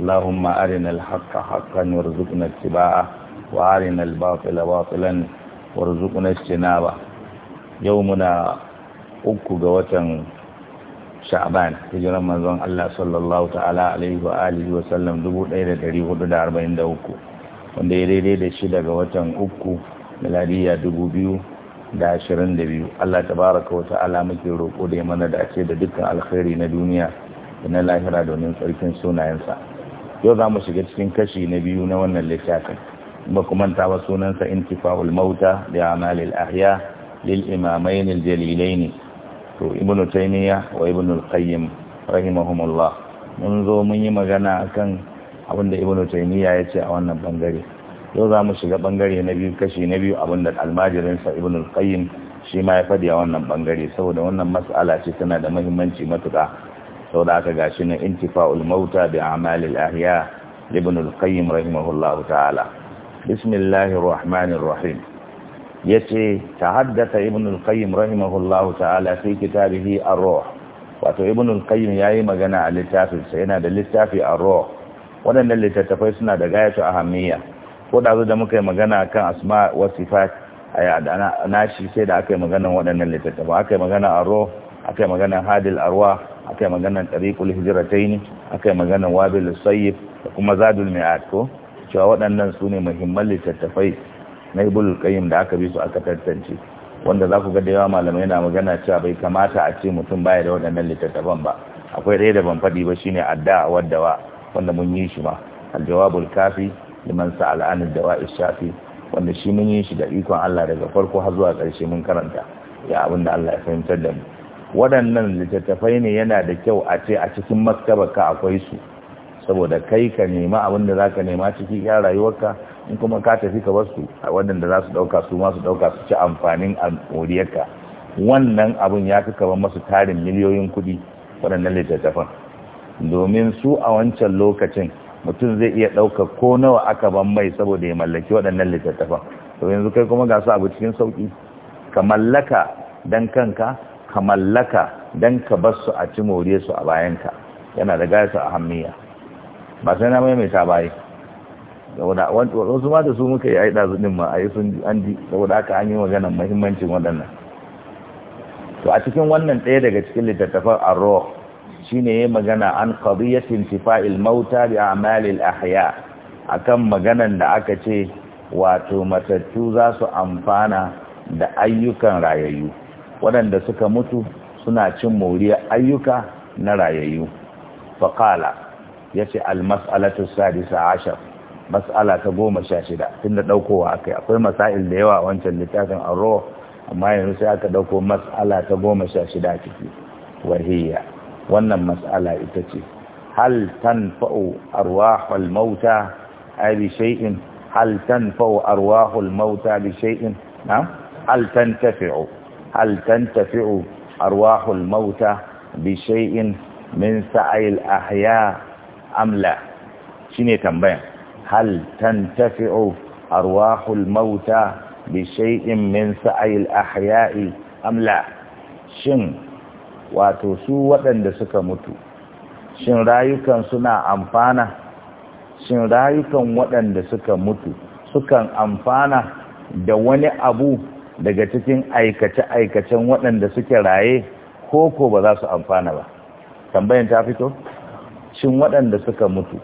اللهم أرنا الحق حقا وارزقنا اتباعه وأرنا الباطل باطلا وارزقنا اجتنابه يومنا uku ga watan sha'ban الله تعالى Allah sallallahu ta'ala دبوت wa alihi wa sallam دوكو wanda ya daidai da shi daga watan uku miladiya biyu. Allah tabaraka wa ta'ala muke roƙo da ya mana dace da dukkan alkhairi na duniya da na lahira domin tsarkin sunayensa yau za mu shiga cikin kashi na biyu na wannan littafin ba ku manta ba sunansa intifa'ul mauta da amalil ahya lil imamain jalilain to ibnu taymiya wa ibnu al qayyim rahimahumullah mun zo mun yi magana akan abin da ibnu taymiya ya ce a wannan bangare yau za mu shiga bangare na biyu kashi na biyu abinda da almajirinsa ibnu al qayyim shi ma ya fadi a wannan bangare saboda wannan mas'ala ce tana da muhimmanci matuƙa sau da aka gashi na intifa'ul mauta bi amalil ahiya ibn al-qayyim rahimahullah ta'ala bismillahir rahmanir rahim yace tahaddatha ibn al-qayyim rahimahullah ta'ala fi kitabihi ar-ruh wato ibn al-qayyim yayi magana a littafin sa yana da littafi ar-ruh wadannan littattafai suna da gayatu ahammiya ko da zo da muka yi magana kan asma wa sifat na shi sai da aka yi magana waɗannan littattafai aka yi magana ar-ruh aka yi magana hadil arwah akai maganan tariqul hijrataini akai maganan wabil sayyib da kuma zadul mi'ad ko cewa waɗannan su ne muhimman littattafai na ibul qayyim da aka bi su aka tantance wanda za ku ga da yawa malamai na magana cewa bai kamata a ce mutum baya da waɗannan littattafan ba akwai ɗaya da ban faɗi ba shine adda waddawa wanda mun yi shi ma aljawabul kafi liman sa'al an dawa ishafi wanda shi mun yi shi da ikon Allah daga farko har zuwa ƙarshe mun karanta ya abinda Allah ya fahimtar da mu waɗannan littattafai ne yana da kyau a ce a cikin maktabarka akwai su saboda kai ka nema abin da za ka nema ciki ya rayuwarka in kuma ka tafi ka wasu waɗanda za su ɗauka su masu ɗauka su ci amfanin moriyarka wannan abin ya fi kaban masu tarin miliyoyin kuɗi waɗannan littattafan domin su a wancan lokacin mutum zai iya ɗauka ko nawa aka ban mai saboda ya mallaki waɗannan littattafan to yanzu kai kuma ga su abu cikin sauƙi ka mallaka dan kanka ka mallaka don ka bar su a ci more su a bayanka yana da gaisa a hamniya ba sai na maimaita mai saboda wasu ma da su muka yi aida ma a yi sun an ji saboda aka an yi maganar muhimmancin waɗannan to a cikin wannan ɗaya daga cikin littattafan arroh shine ya magana an qadiyatin tifa'il mauta bi a'malil ahya akan maganan da aka ce wato matattu za su amfana da ayyukan rayayyu waɗanda suka mutu suna cin moriyar ayyuka na rayayyu faƙala ya ce almas'alatu sadisa ashar mas'ala ta goma sha shida tun da ɗaukowa akai akwai masail da yawa wancan littafin arro amma yanzu sai aka ɗauko mas'ala ta goma sha shida ciki wahiyya wannan mas'ala ita ce hal tan tanfa'u arwahul mauta a yi shay'in hal tan tanfa'u arwahul mauta bi shay'in na hal tan tafi'o hal tantafi'u arwahul mauta bi shay'in min sa'il ahya amla shine tambayan hal tantafi'u arwahul mauta bi min sa'il ahya'i amla shin wato su waɗanda suka mutu shin rayukan suna amfana shin rayukan waɗanda suka mutu sukan amfana da wani abu daga cikin aikace-aikacen waɗanda suke raye ko ko ba za su amfana ba tambayin ta fito cin waɗanda suka mutu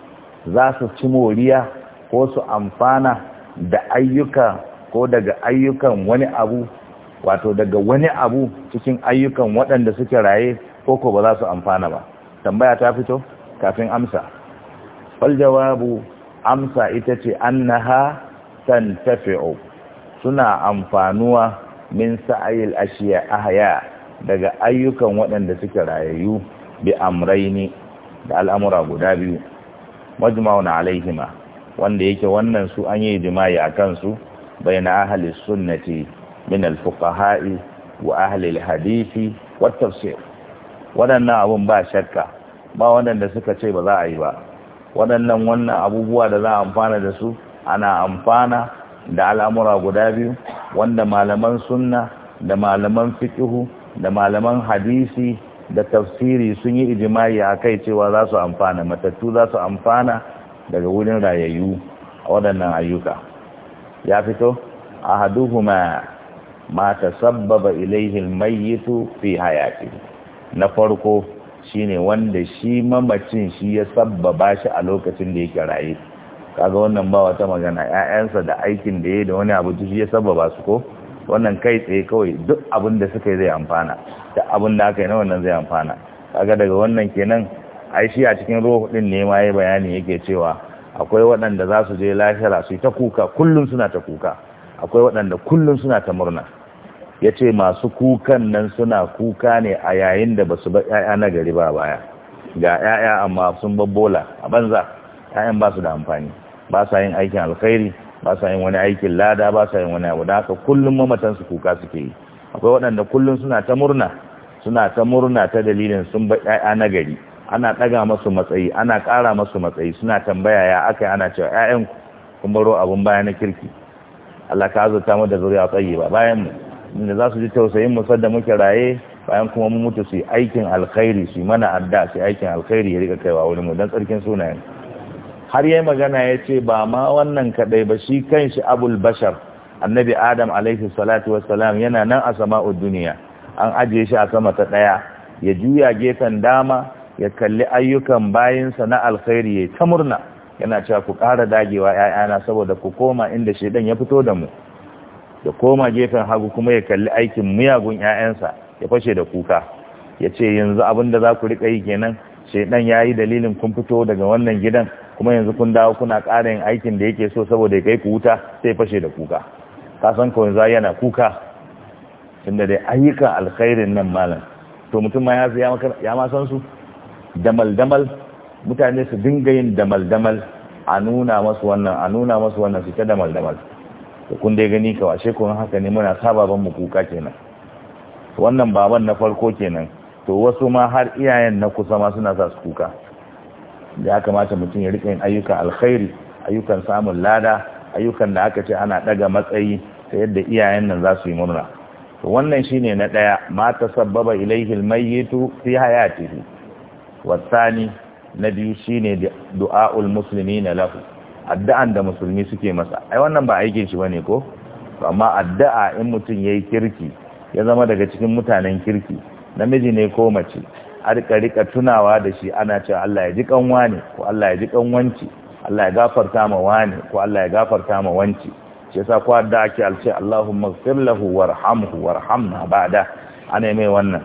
za su ci moriya ko su amfana da ayyuka ko daga ayyukan wani abu wato daga wani abu cikin ayyukan waɗanda suke raye ko ko ba za su amfana ba tambaya ta fito kafin amsa fal jawabu amsa ita ce An San tafi'u suna amfanuwa min sa'ayil ashiya ahya daga ayyukan waɗanda suke rayayyu bi amraini da al'amura guda biyu majma'un alaihima wanda yake wannan su an yi jima'i akan su baina ahli sunnati min al-fuqaha'i wa ahli al-hadisi wa tafsir waɗannan abun ba shakka ba waɗanda suka ce ba za a yi ba waɗannan wannan abubuwa da za a amfana da su ana amfana da al'amura guda biyu wanda malaman sunna da malaman fiqhu da malaman hadisi da tafsiri sun yi ijma'i a kai cewa za su amfana matattu za su amfana daga wurin rayayyu a waɗannan ayyuka ya fito a haduhuma ma ta sabbaba ilaihin mayitu fi hayati na farko shine wanda shi mamacin shi ya sabbaba shi a lokacin da yake raye kaga wannan ba wata magana ƴaƴansa da aikin da yayi da wani abu duk ya ba su ko wannan kai tsaye kawai duk abin da suka yi zai amfana duk abin da aka yi na wannan zai amfana kaga daga wannan kenan ai shi a cikin ruhu din ne ma yayi bayani yake cewa akwai waɗanda za su je lahira su ta kuka kullum suna ta kuka akwai waɗanda kullum suna ta murna ya ce masu kukan nan suna kuka ne a yayin da ba su ba ƴaƴa na gari ba baya ga ƴaƴa amma sun babbola a banza ƴaƴan ba su da amfani ba sa yin aikin alkhairi ba sa yin wani aikin lada ba sa yin wani abu da haka kullum mamatan su kuka suke yi akwai waɗanda kullum suna ta murna suna ta murna ta dalilin sun ba ƴaƴa na gari ana ɗaga masu matsayi ana ƙara masu matsayi suna tambaya ya aka ana cewa ƴaƴan kun baro abun baya na kirki Allah ka azurta mu da zuriya tsayi ba bayan mu da za su ji tausayin mu sadda muke raye bayan kuma mu mutu su yi aikin alkhairi su yi mana adda su yi aikin alkhairi ya rika kaiwa wurin mu dan tsarkin sunayen har yayi magana ya ce ba ma wannan kadai ba shi kanshi abul bashar annabi adam alaihi salatu yana nan a sama'ud duniya an ajiye shi a sama ta daya ya juya gefen dama ya kalli ayyukan bayinsa na alkhairi ya ta murna yana cewa ku kara dagewa ‘ya'yana saboda ku koma inda shaidan ya fito da mu da koma gefen hagu kuma ya kalli aikin miyagun ‘ya'yansa ya fashe da kuka ya ce yanzu abin za ku riƙa yi kenan shaidan ya yi dalilin kun fito daga wannan gidan kuma yanzu kun dawo kuna ƙara yin aikin da yake so saboda ya kai ku wuta sai fashe da kuka ka san kawai za yana kuka tunda dai ayyuka alkhairin nan malam to mutum ma ya ma san su damal damal mutane su dinga yin damal damal a nuna masu wannan a nuna masu wannan su ta damal damal to kun dai gani kawa washe kun haka ne muna sa baban mu kuka kenan wannan baban na farko kenan to wasu ma har iyayen na kusa ma suna sa su kuka da ya kamata mutum ya rike ayyukan alkhairi ayyukan samun lada ayyukan da aka ce ana daga matsayi ta yadda iyayen nan za su yi murna to wannan ne na ɗaya ma ta sabbaba ilaihi fi hayatihi wasani na biyu shi ne du'aul musulmi na lahu addu'an da musulmi suke masa ai wannan ba aikin shi bane ko amma addu'a in mutum yayi kirki ya zama daga cikin mutanen kirki namiji ne ko mace a rika rika tunawa da shi ana cewa Allah ya ji kanwa ne ko Allah ya ji kanwanci Allah ya gafarta ma wani ko Allah ya gafarta ma wanci shi yasa ko da ake alce Allahumma ighfir lahu warhamhu warhamna ba'da ana mai wannan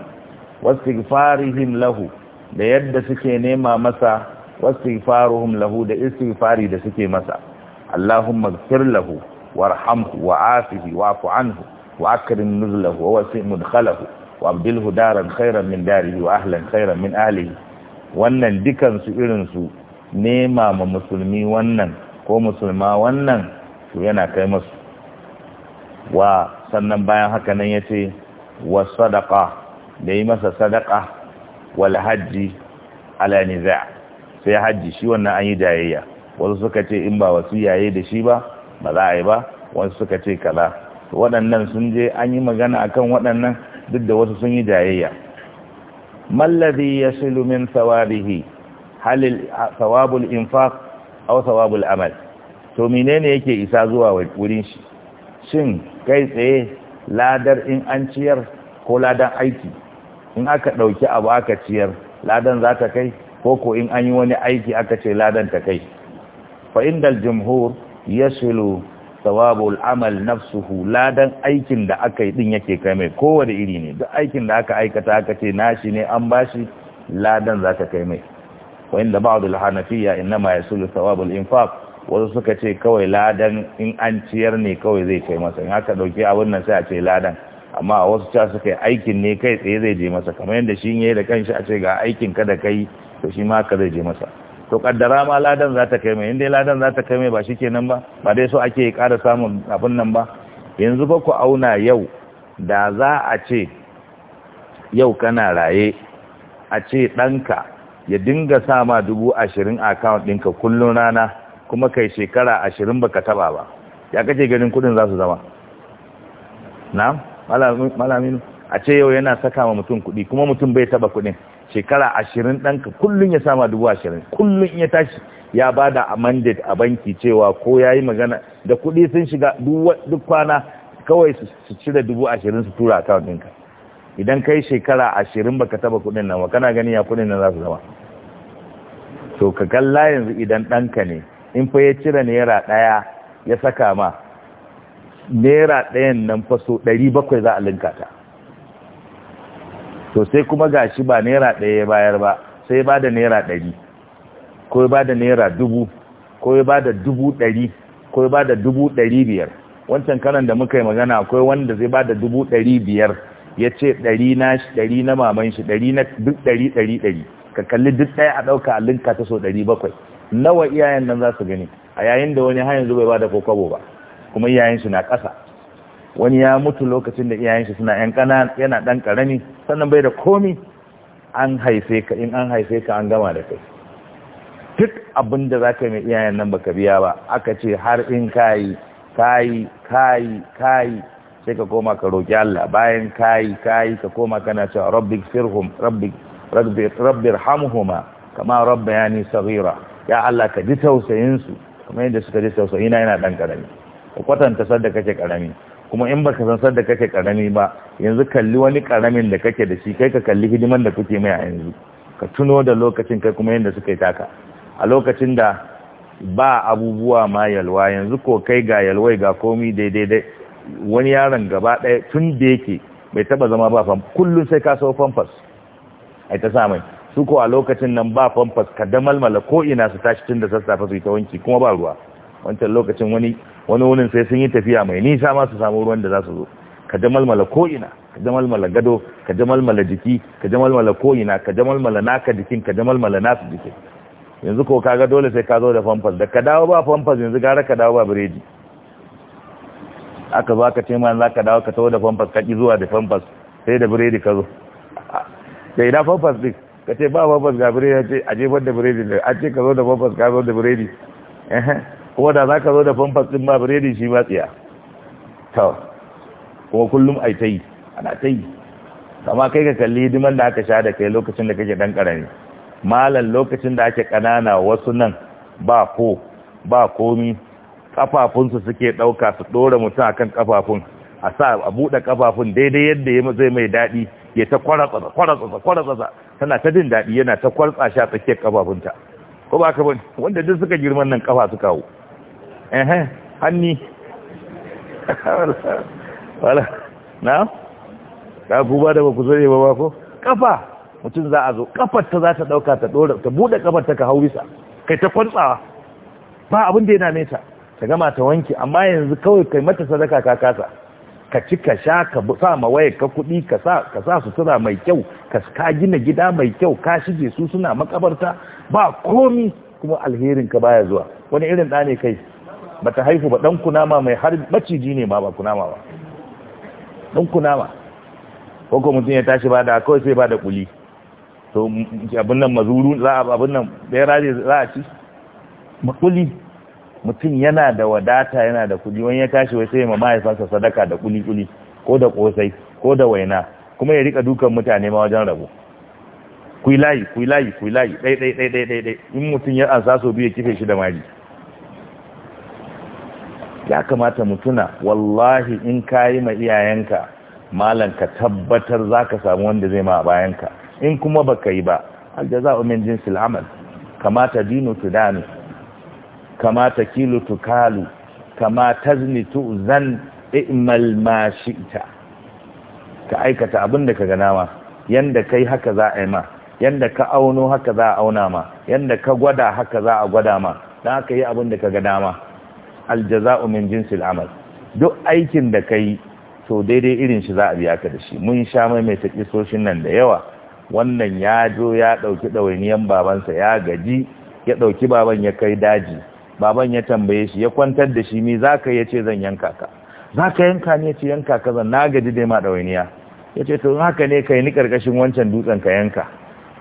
wastighfarihim lahu da yadda suke nema masa wastighfaruhum lahu da istighfari da suke masa Allahumma ighfir lahu warhamhu wa'afihi wa'fu anhu wa akrim nuzlahu wa wasi' mudkhalahu wa abdilhu daran khairan min darihi wa ahlan khairan min ahlihi wannan irin su nema ma musulmi wannan ko musulma wannan su yana kai masu wa sannan bayan haka nan ya ce wa sadaka da yi masa sadaka wal hajji ala niza sai hajji shi wannan an yi jayayya wasu suka ce in ba wasu yaye da shi ba ba za a yi ba wasu suka ce kaza waɗannan sun je an yi magana akan waɗannan duk da wasu sun yi jayayya mallazi yasilu min thawabihi hal thawabul infaq aw thawabul amal to menene yake isa zuwa wurin shi shin kai tsaye ladar in an ciyar ko ladan aiki in aka dauki abu aka ciyar ladan zaka kai ko ko in an yi wani aiki aka ce ladan ta kai fa indal jumhur yasilu sawabul amal nafsuhu ladan aikin da aka yi din yake kai mai kowane iri ne duk aikin da aka aikata aka ce nashi ne an bashi ladan zaka kai mai wa inda ba'd al-hanafiya inma yasulu sawabul infaq wasu suka ce kawai ladan in an ciyar ne kawai zai kai masa in aka dauki abin nan sai a ce ladan amma a wasu ta suka yi aikin ne kai tsaye zai je masa kamar yadda shi ne da kanshi a ce ga aikin ka da kai to shi ma ka zai je masa to kaddara ma ladan za ta kai mai inda ladan za ta kai mai ba shi kenan ba ba dai so ake kara samun abin nan ba yanzu ba ku auna yau da za a ce yau kana raye a ce ɗanka ya dinga sama ma dubu ashirin akawun ɗinka kullum rana kuma kai shekara ashirin baka taba ba ya kace ganin kudin za su zama na malaminu a ce yau yana saka ma mutum kuɗi kuma mutum bai taba kuɗin shekara ashirin ɗanka kullum ya sama dubu ashirin kullum ya tashi ya ba da mandate a banki cewa ko ya yi magana da kuɗi sun shiga duk kwana kawai su cire dubu ashirin su tura akawun ɗinka idan kai shekara ashirin baka taba kuɗin nan kana gani ya kuɗin nan za su zama to ka kalla yanzu idan ɗanka ne in fa ya cire naira ɗaya ya saka ma naira ɗayan nan faso ɗari bakwai za a linkata. to sai kuma gashi ba naira ɗaya ya bayar ba sai ba da naira ɗari ko ba da naira dubu ko ba da dubu ɗari ko ba da dubu ɗari biyar wancan karan da muka yi magana akwai wanda zai ba da dubu ɗari biyar ya ce ɗari na shi ɗari na maman shi ɗari na duk ɗari ɗari ɗari ka kalli duk ɗaya a ɗauka a linka ta so ɗari bakwai nawa iyayen nan za su gani a yayin da wani hanyar yanzu bai ba ko kwabo ba kuma iyayen shi na ƙasa wani ya mutu lokacin da iyayen shi suna yan kana yana dan karami sannan bai da komi an haife ka in an haife ka an gama da kai duk abinda zaka mai iyayen nan baka biya ba aka ce har in kayi kayi kayi kayi sai ka koma ka roki Allah bayan kai kayi ka koma kana cewa rabbik firhum rabbik rabbi hamhuma kama rabbayani saghira ya Allah ka ji tausayin su kamar yadda suka ji tausayina yana dan karami ka kwatanta sadda kake karami kuma in baka san sanda kake karami ba yanzu kalli wani karamin da kake da shi kai ka kalli hidiman da kuke mai a yanzu ka tuno da lokacin kai kuma yadda suka yi taka a lokacin da ba abubuwa ma yalwa yanzu ko kai ga yalwai ga komi daidai dai wani yaron gaba ɗaya tun da yake bai taba zama ba fam kullum sai ka so famfas ai ta samai su ko a lokacin nan ba famfas ka damalmala ko ina su tashi tun da sassafe su ta wanki kuma ba ruwa wancan lokacin wani wani wani sai sun yi tafiya mai nisa ma su samu ruwan da za su zo ka jamalmala ko'ina ka jamalmala gado ka jamalmala jiki ka jamalmala ko'ina ka jamalmala naka jikin ka jamalmala nasu jikin yanzu ko kaga dole sai ka zo da famfas da ka dawo ba famfas yanzu gara ka dawo ba biredi aka zo aka ce ma za ka dawo ka tawo da famfas ka ki zuwa da famfas sai da biredi ka zo da ina famfas din ka ce ba famfas ga biredi a jefar da biredi A an ce ka zo da famfas ka zo da biredi kuma da za ka zo da famfas ɗin ba biredi shi ba tsiya ta kuma kullum yi ta yi ana ta yi kama kai ka kalli hidiman da aka sha da kai lokacin da kake dan karami malam lokacin da ake ƙanana wasu nan ba ko ba komi ƙafafunsu suke ɗauka su ɗora mutum a kan ƙafafun a sa a buɗe ƙafafun daidai yadda ya zai mai daɗi ya ta kwaratsasa kwaratsa tana ta jin daɗi yana ta kwartsa shi a tsakiyar ƙafafunta ko ba ka bane wanda duk suka girman nan ƙafa su kawo ehe hanni wala na ku da ba ku ba ko kafa mutum za a zo kafar ta za ta dauka ta dora ta bude kafar ta ka hau bisa kai ta kwantsawa ba abin da yana nesa ta gama ta wanki amma yanzu kawai kai mata sadaka ka kasa ka ci ka sha ka sa ma waye ka kuɗi ka sa ka sa sutura mai kyau ka ka gina gida mai kyau ka shige su suna makabarta ba komi kuma alherin ka baya zuwa wani irin da ne kai bata haifu ba dan kunama mai har maciji ne ba ba kunama ba dan kunama ko ko mutum ya tashi ba da kawai sai ba da kuli to abin nan mazuru za a abin nan bera raje za a ci makuli mutum yana da wadata yana da kuli wani ya tashi wai sai ma mahaifansa sadaka da kuli kuli ko da kosai ko da waina kuma ya rika dukan mutane ma wajen rabo kuyi layi kuyi layi kuyi layi dai dai in mutum ya ansa so biyu ya kife shi da mari ya kamata mu tuna wallahi in kayi ma iyayenka malam ka tabbatar za ka samu wanda zai ma bayanka in kuma ba yi ba aljaza'u min jinsil amal kamata dinu tudani kamata kilu tukalu kama tazni tu'zan i'mal ma shi'ta ka aikata abin da ka ga yadda yanda kai haka za a yi ma yanda ka auno haka za a auna ma yanda ka gwada haka za a gwada ma dan haka yi abin da ka ga dama aljaza'u min jinsil amal duk aikin da kai to daidai irin shi za a biya ka da shi mun sha mai mai kisoshin nan da yawa wannan ya jo ya ɗauki ɗawainiyar babansa ya gaji ya ɗauki baban ya kai daji baban ya tambaye shi ya kwantar da shi mi za ka ya ce zan yanka ka za ka yanka ne ce yanka ka zan na gaji dai ma dawainiya ya ce to haka ne ka yi ni karkashin wancan dutsen ka yanka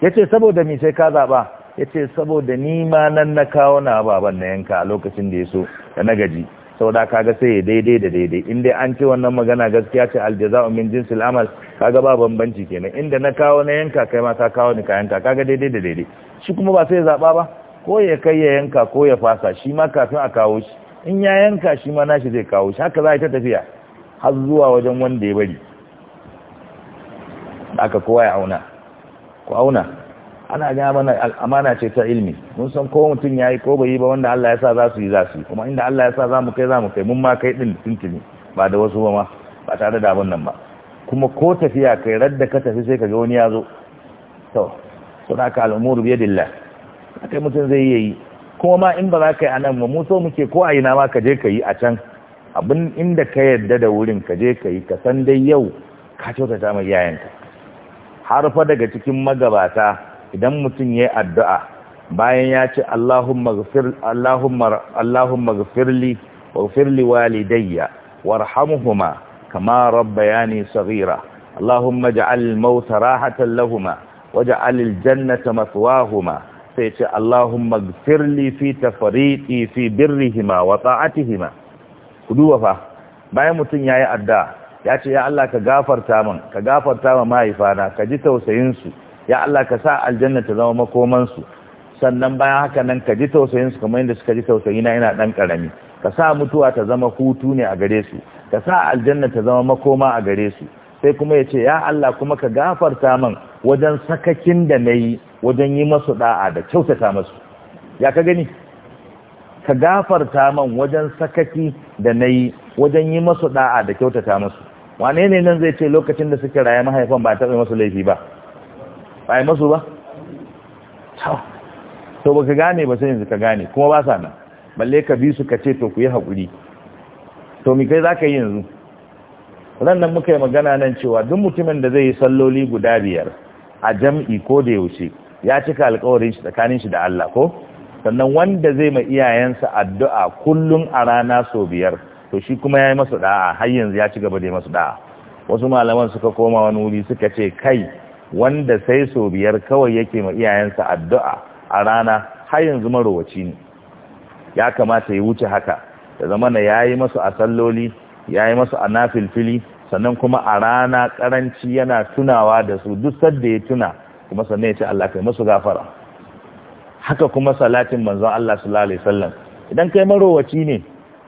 ya saboda mi sai ka zaɓa Yace saboda ni ma nan na kawo na baban na yanka a lokacin da ya so da na gaji saboda kaga sai daidai da daidai in dai an ce wannan magana gaskiya ce aljaza'u min jinsil amal kaga ba bambanci kenan inda na kawo na yanka kai ma ka kawo ni ka yanka kaga daidai da daidai shi kuma ba sai ya zaba ba ko ya kai ya yanka ko ya fasa shi ma kafin a kawo shi in ya yanka shi ma nashi zai kawo shi haka za a yi ta tafiya har zuwa wajen wanda ya bari aka kowa ya auna ku auna ana ga mana al'amana ce ta ilmi mun san ko mutum yayi ko bai yi ba wanda Allah ya sa za su yi za su yi kuma inda Allah ya sa za mu kai za mu kai mun ma kai din tuntuni ba da wasu ba ma ba tare da abin nan ba kuma ko tafiya kai radda ka tafi sai ka ga wani ya zo to so da ka bi yadillah kai mutum zai yi kuma ma in ba za ka yi a mu so muke ko a ina ma ka je ka yi a can abin inda ka yadda da wurin ka je ka yi ka san dai yau ka kyautata mai yayanka har fa daga cikin magabata idan mutum ya yi addu'a bayan ya ce Allahumma gafirli wafirli walidayya warhamhuma kama rabbayani saghira Allahumma ja'al mauta rahatan lahuma waja'al aljannata mathwahuma sai ce Allahumma gafirli fi tafariqi fi birrihima wa ta'atihima kuduwa fa bayan mutum yayi addu'a ya ce ya Allah ka gafarta min ka gafarta ma mahaifana ka ji tausayin su ya Allah ka sa aljanna ta zama makoman su sannan bayan haka nan ka ji tausayin su kamar yadda suka ji tausayi na ina dan karami ka sa mutuwa ta zama hutu ne a gare su ka sa aljanna ta zama makoma a gare su sai kuma ya ce ya Allah kuma ka gafarta man wajen sakakin da na yi wajen yi masu da'a da kyautata masu ya ka gani ka gafarta man wajen sakaki da na yi wajen yi masu da'a da kyautata masu wane ne nan zai ce lokacin da suke raye mahaifan ba ta taɓa masu laifi ba ba yi masu ba to ba ka gane ba sai yanzu ka gane kuma ba sa nan balle ka bi su ka ce to ku yi haƙuri to mi kai za ka yi yanzu rannan muka yi magana nan cewa duk mutumin da zai yi salloli guda biyar a jam'i ko da yaushe ya cika alkawarin shi tsakanin shi da Allah ko sannan wanda zai ma iyayensa addu'a kullum a rana sau biyar to shi kuma ya yi masu da'a har yanzu ya ci gaba da masu da'a wasu malaman suka koma wani wuri suka ce kai wanda sai so biyar kawai yake ma iyayensa addu'a a rana har yanzu marowaci ne ya kamata ya wuce haka da zamana ya yi masu a salloli ya yi masu a nafilfili sannan kuma a rana karanci yana tunawa da su duk sadda ya tuna kuma sannan ya ce Allah kai masu gafara haka kuma salatin manzon Allah sallallahu alaihi wasallam idan kai marowaci ne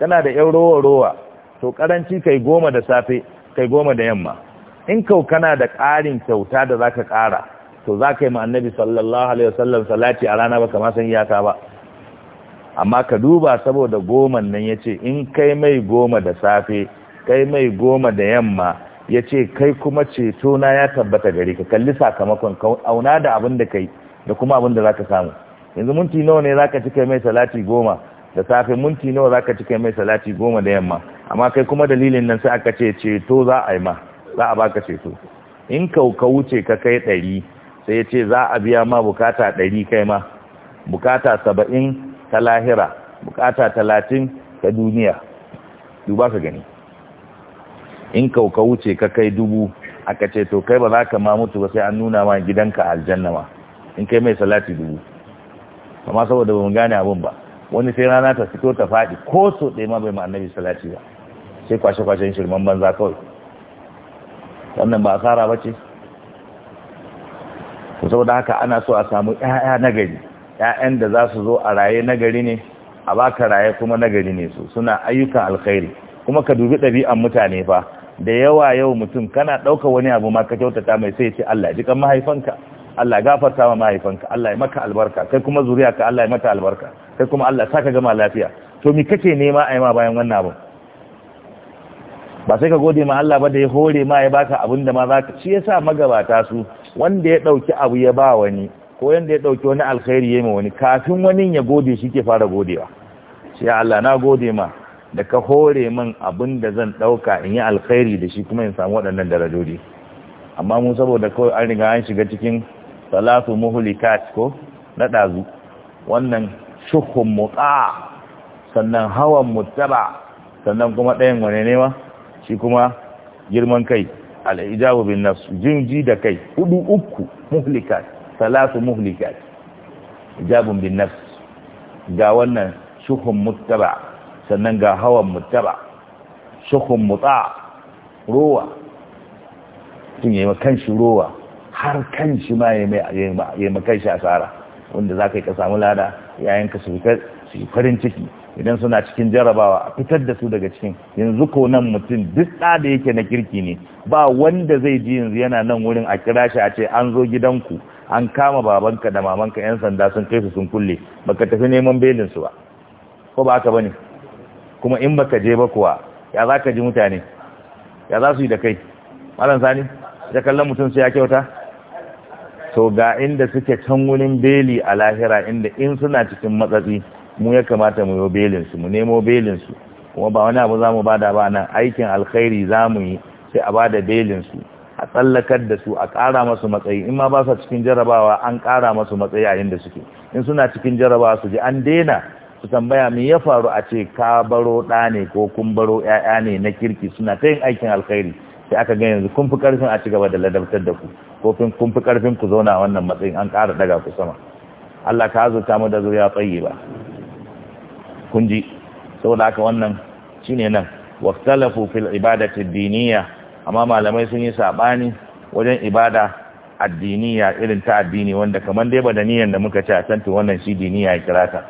kana da yan rowa rowa to karanci kai goma da safe kai goma da yamma in kau kana da ƙarin kyauta da zaka ƙara to za ka yi ma annabi sallallahu alaihi wasallam salati a rana ba kama san iyaka ba amma ka duba saboda goman nan ya ce in kai mai goma da safe kai mai goma da yamma ya ce kai kuma ceto na ya tabbata gari ka kalli sakamakon ka auna da abin da kai da kuma abin da za ka samu yanzu minti nawa ne za ka ci kai mai salati goma da safe minti nawa za ka ci kai mai salati goma da yamma amma kai kuma dalilin nan sai aka ce ceto za a yi ma za a baka ceto in ka wuce ka kai ɗari sai ya ce za a biya ma bukata ɗari kai ma bukata saba'in ta lahira bukata talatin ta duniya duba ka gani in ka wuce ka kai dubu aka ce to kai ba za ka ma mutu ba sai an nuna ma gidanka aljanna ma in kai mai salati dubu amma saboda ba gane abin ba wani sai rana ta fito ta faɗi ko so ɗaya ma bai ma annabi salati ba sai kwashe-kwashen shirman banza kawai wannan ba asara ba ce saboda haka ana so a samu 'ya'ya nagari 'ya'yan da za su zo a raye nagari ne a baka raye kuma nagari ne su suna ayyukan alkhairi kuma ka dubi ɗabi'an mutane fa da yawa yau mutum kana ɗauka wani abu ma ka kyautata mai sai ce Allah ji kan mahaifanka Allah gafarta ma mahaifanka Allah ya maka albarka kai kuma zuriya ka Allah ya mata albarka kai kuma Allah saka gama lafiya to me kake nema a yi ma bayan wannan abun ba sai ka gode ma Allah ba da ya hore ma ya baka abin da ma za ka shi yasa magabata su wanda ya ɗauki abu ya ba wani ko yanda ya ɗauki wani alkhairi ya yi ma wani kafin wani ya gode shi ke fara godewa sai Allah na gode ma da ka hore min abin da zan ɗauka in yi alkhairi da shi kuma in samu waɗannan darajoji amma mu saboda kawai an riga an shiga cikin salatu muhlikat ko na ɗazu wannan shuhun mutsa sannan hawan muttaba sannan kuma ɗayan wane ne shi kuma girman kai al'ijabu bin nafs jin da kai hudu uku muhlikat salatu muhlikat ijabun bin nafs ga wannan shuhun muttaba sannan ga hawan muttaba shuhun mutsa rowa tun yi makanshi rowa har kanshi ma yi makanshi asara wanda za ka yi ka samu lada yayin ka su farin ciki idan suna cikin jarabawa a fitar da su daga cikin yanzu ko nan mutum duk da yake na kirki ne ba wanda zai ji yanzu yana nan wurin a kira shi a ce an zo gidanku an kama babanka da mamanka yan sanda sun kai su sun kulle baka tafi neman belin su ba ko ba haka bane kuma in baka je ba kuwa ya za ka ji mutane ya za su yi da kai malam sani da kallon mutum sai ya kyauta to ga inda suke can wurin beli a lahira inda in suna cikin matsatsi mu ya kamata mu yi belinsu mu nemo belinsu kuma ba wani abu za mu bada ba nan aikin alkhairi za mu yi sai a bada belinsu a tsallakar da su a ƙara masu matsayi in ma ba su cikin jarabawa an ƙara masu matsayi a da suke in suna cikin jarabawa su ji an daina su tambaya me ya faru a ce ka baro ɗa ne ko kun baro ƴaƴa ne na kirki suna ta yin aikin alkhairi sai aka ga yanzu kun fi ƙarfin a cigaba da ladabtar da ku ko kun fi ƙarfin ku zauna wannan matsayin an kara daga ku sama Allah ka azurta mu da zuriya tsayi ba kun ji saboda haka wannan shine nan waktalafu fil ibadati diniya amma malamai sun yi sabani wajen ibada addiniya irin ta addini wanda kaman dai badaniyan da muka ci a can wannan shi diniya ya kira ta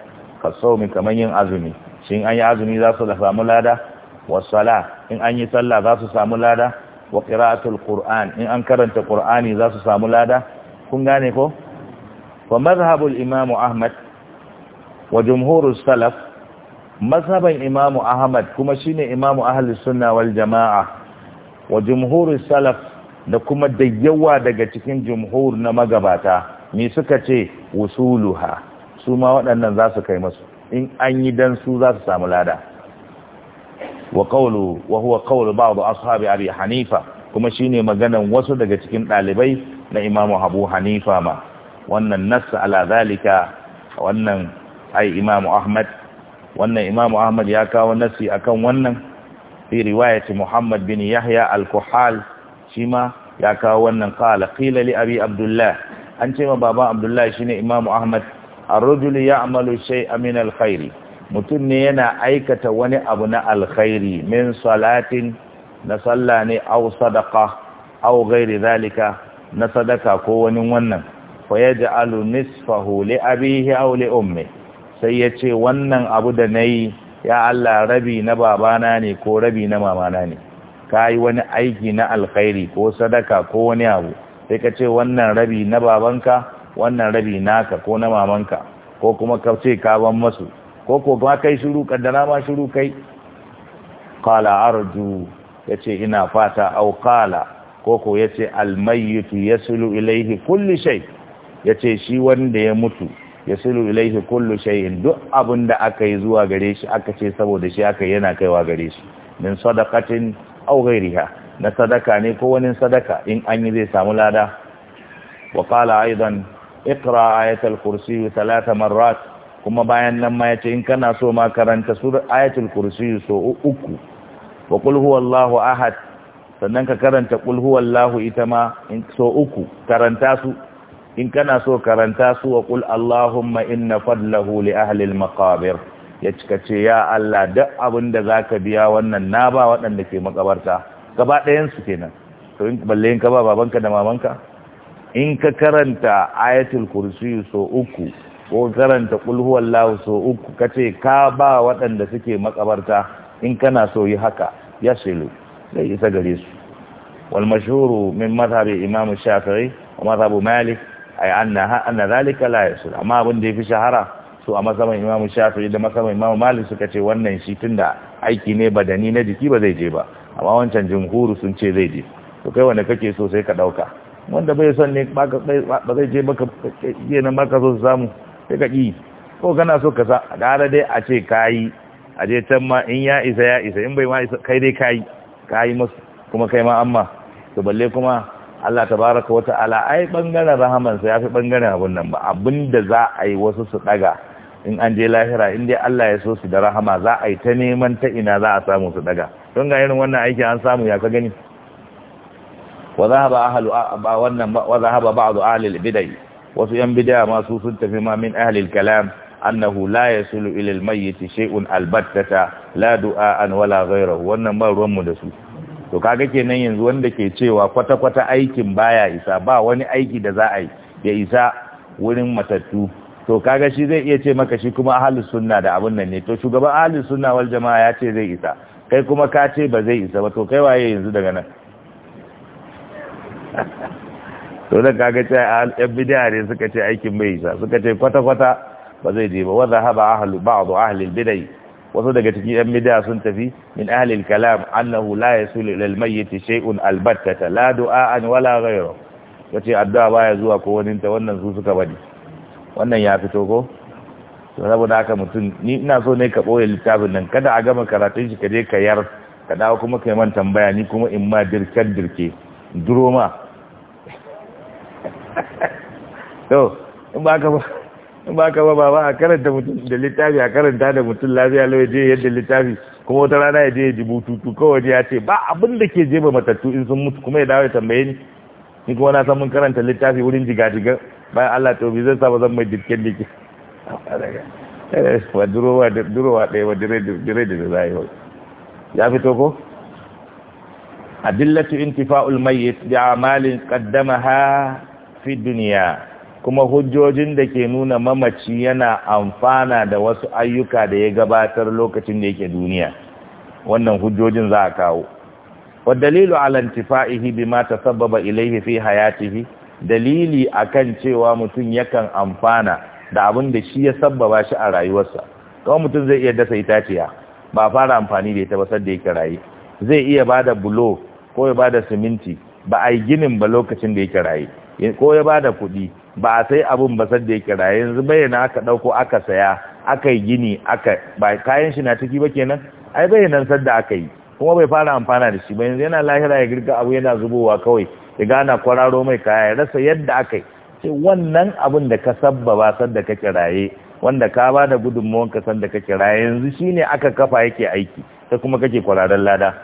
kasaumi kaman yin azumi shin an yi azumi za su samu lada wasala in an yi sallah za su samu lada wa qira'atul qur'an in an karanta qur'ani za su samu lada kun gane ko fa madhhabul imam ahmad wa jumhurus salaf mazhaban imamu ahmad kuma shine imamu ahli sunna wal jama'a wa jumhurus salaf da kuma da daga cikin jumhur na magabata me suka ce wusuluha su ma waɗannan za su kai masu in an yi dan su za su samu lada wa qawlu wa huwa qawlu ba'd ashabi abi hanifa kuma shine maganan wasu daga cikin ɗalibai na imamu abu hanifa ma wannan nas ala zalika wannan ai imamu ahmad wannan imamu ahmad ya kawo nasi akan wannan fi riwayati muhammad bin yahya al-kuhal shi ma ya kawo wannan qala qila li abi abdullah an ce ma baban abdullah shine imamu ahmad ar-rajulu ya'malu shay'an min al-khair mutum ne yana aikata wani abu na alkhairi min salatin na salla ne aw sadaqa aw ghairi zalika na sadaka ko wani wannan fa yaj'alu nisfahu li abihi aw li ummihi sai ya ce wannan abu da na yi ya Allah rabi na babana ne ko rabi na mamana ne ka yi wani aiki na alkhairi ko sadaka ko wani abu sai ka ce wannan rabi na babanka wannan rabi naka ko na mamanka ko kuma ka ce ka masu ko ko ba kai shiru kaddara ma shiru kai qala arju yace ina fata au qala ko ko yace almayyitu yasulu ilayhi kulli shay yace shi wanda ya mutu yasilu ilaihi kullu shay'in duk abun da aka yi zuwa gare shi aka ce saboda shi aka yana kaiwa gare shi min sadaqatin aw ghayriha na sadaka ne ko wani sadaka in an yi zai samu lada wa qala aidan iqra ayatul kursi thalatha marrat kuma bayan nan ma yace in kana so ma karanta surat ayatul kursi so uku wa qul huwallahu ahad sannan ka karanta qul huwallahu ita ma in so uku karanta su in kana so karanta su wa kul allahumma inna fadlahu li ahli al-maqabir ya cika ce ya Allah duk abin da zaka biya wannan na ba waɗanda ke makabarta gaba ɗayan su kenan to in balle in ka ba babanka da mamanka in ka karanta ayatul kursi so uku ko karanta qul huwallahu so uku kace ka ba waɗanda suke makabarta in kana so yi haka yasilu zai isa gare su wal mashhuru min madhhabi imam shafi'i wa madhhabu malik ay anna anna zalika la yasul amma abin da yafi shahara su a masaman Imam Shafi'i da masaman Imam Malik suka ce wannan shi tunda aiki ne badani na jiki ba zai je ba amma wancan jumhuru sun ce zai je to kai wanda kake so sai ka dauka wanda bai son ne ba zai je baka kenan baka so samu sai ka ki ko kana so ka sa gara dai a ce kayi a je can ma in ya isa ya isa in bai ma isa kai dai kayi kayi musu kuma kai ma amma to balle kuma Allah tabaraka wa ta'ala ai bangaren rahaman yafi bangaren abun nan ba abinda za a yi wasu su daga in an je lahira in dai Allah ya so su da rahama za a yi ta neman ta ina za a samu su daga don ga irin wannan aiki an samu ya ka gani wa zahaba ahlu ba wannan wa zahaba ba'd ahli al wasu yan bid'a ma su sun tafi ma min ahli al-kalam annahu la yasulu ila al-mayyit shay'un albattata la du'a'an wala wannan ba ruwan mu da su to kaga kenan yanzu wanda ke cewa kwata-kwata aikin baya isa ba wani aiki da za a yi ya isa wurin matattu to kaga shi zai iya ce maka shi kuma ahlus sunna da abun nan ne to shugaban ahlus sunna wal jama'a ya ce zai isa kai kuma ka ce ba zai isa ba to kai waye yanzu daga nan to da kaga ce yan bid'a ne suka ce aikin bai isa suka ce kwata-kwata ba zai je ba wa zahaba ahlu ba'd ahli al-bid'ah wasu daga cikin yan midiya sun tafi min ahli kalam annahu la yasulu ila al-mayyit shay'un albatta la du'a'an wala ghayra yace addu'a baya zuwa ko wani ta wannan su suka bari wannan ya fito ko to saboda haka mutum ni ina so ne ka boye littafin nan kada a gama karatun shi ka je ka yar ka dawo kuma kai man tambaya ni kuma in ma dirkan dirke duro ma to in ba ka ba ka ba ba a karanta mutum da littafi a karanta da mutum lafiya lau je yadda littafi kuma wata rana ya je ya ji bututu kawai ya ce ba abin da ke jeba matattu in sun mutu kuma ya dawo ya tambaye ni ni kuma na san mun karanta littafi wurin jiga-jiga bayan Allah to bi zai sa ba zan mai jirgin dike wa durowa durowa ɗaya wa dire da zai yi ya fito ko adillatu intifa'ul mayyit bi amalin qaddamaha fi dunya kuma hujjojin da ke nuna mamaci yana amfana da wasu ayyuka da ya gabatar lokacin da yake duniya wannan hujjojin za a kawo wadalilu ala intifa'ihi bima tasabbaba ilayhi fi hayatihi dalili akan cewa mutum yakan amfana da abin da shi ya sabbaba shi a rayuwarsa kawai mutum zai iya dasa itaciya ba fara amfani da ita ba sadda yake raye zai iya bada bulo ko ya bada siminti ba a yi ginin ba lokacin da yake raye ko ya bada kuɗi ba a sai abun ba sadda ya kira yanzu bayyana aka ɗauko aka saya aka yi gini aka ba kayan shi na ciki ba kenan ai bayyana sadda aka yi kuma bai fara amfana da shi ba yanzu yana lahira ya girka abu yana zubowa kawai ya gana kwararo mai kaya ya rasa yadda aka yi ce wannan abun da ka sabbaba sadda ka kiraye wanda ka ba da gudunmuwan ka sanda ka kiraye yanzu shine aka kafa yake aiki ta kuma kake kwararren lada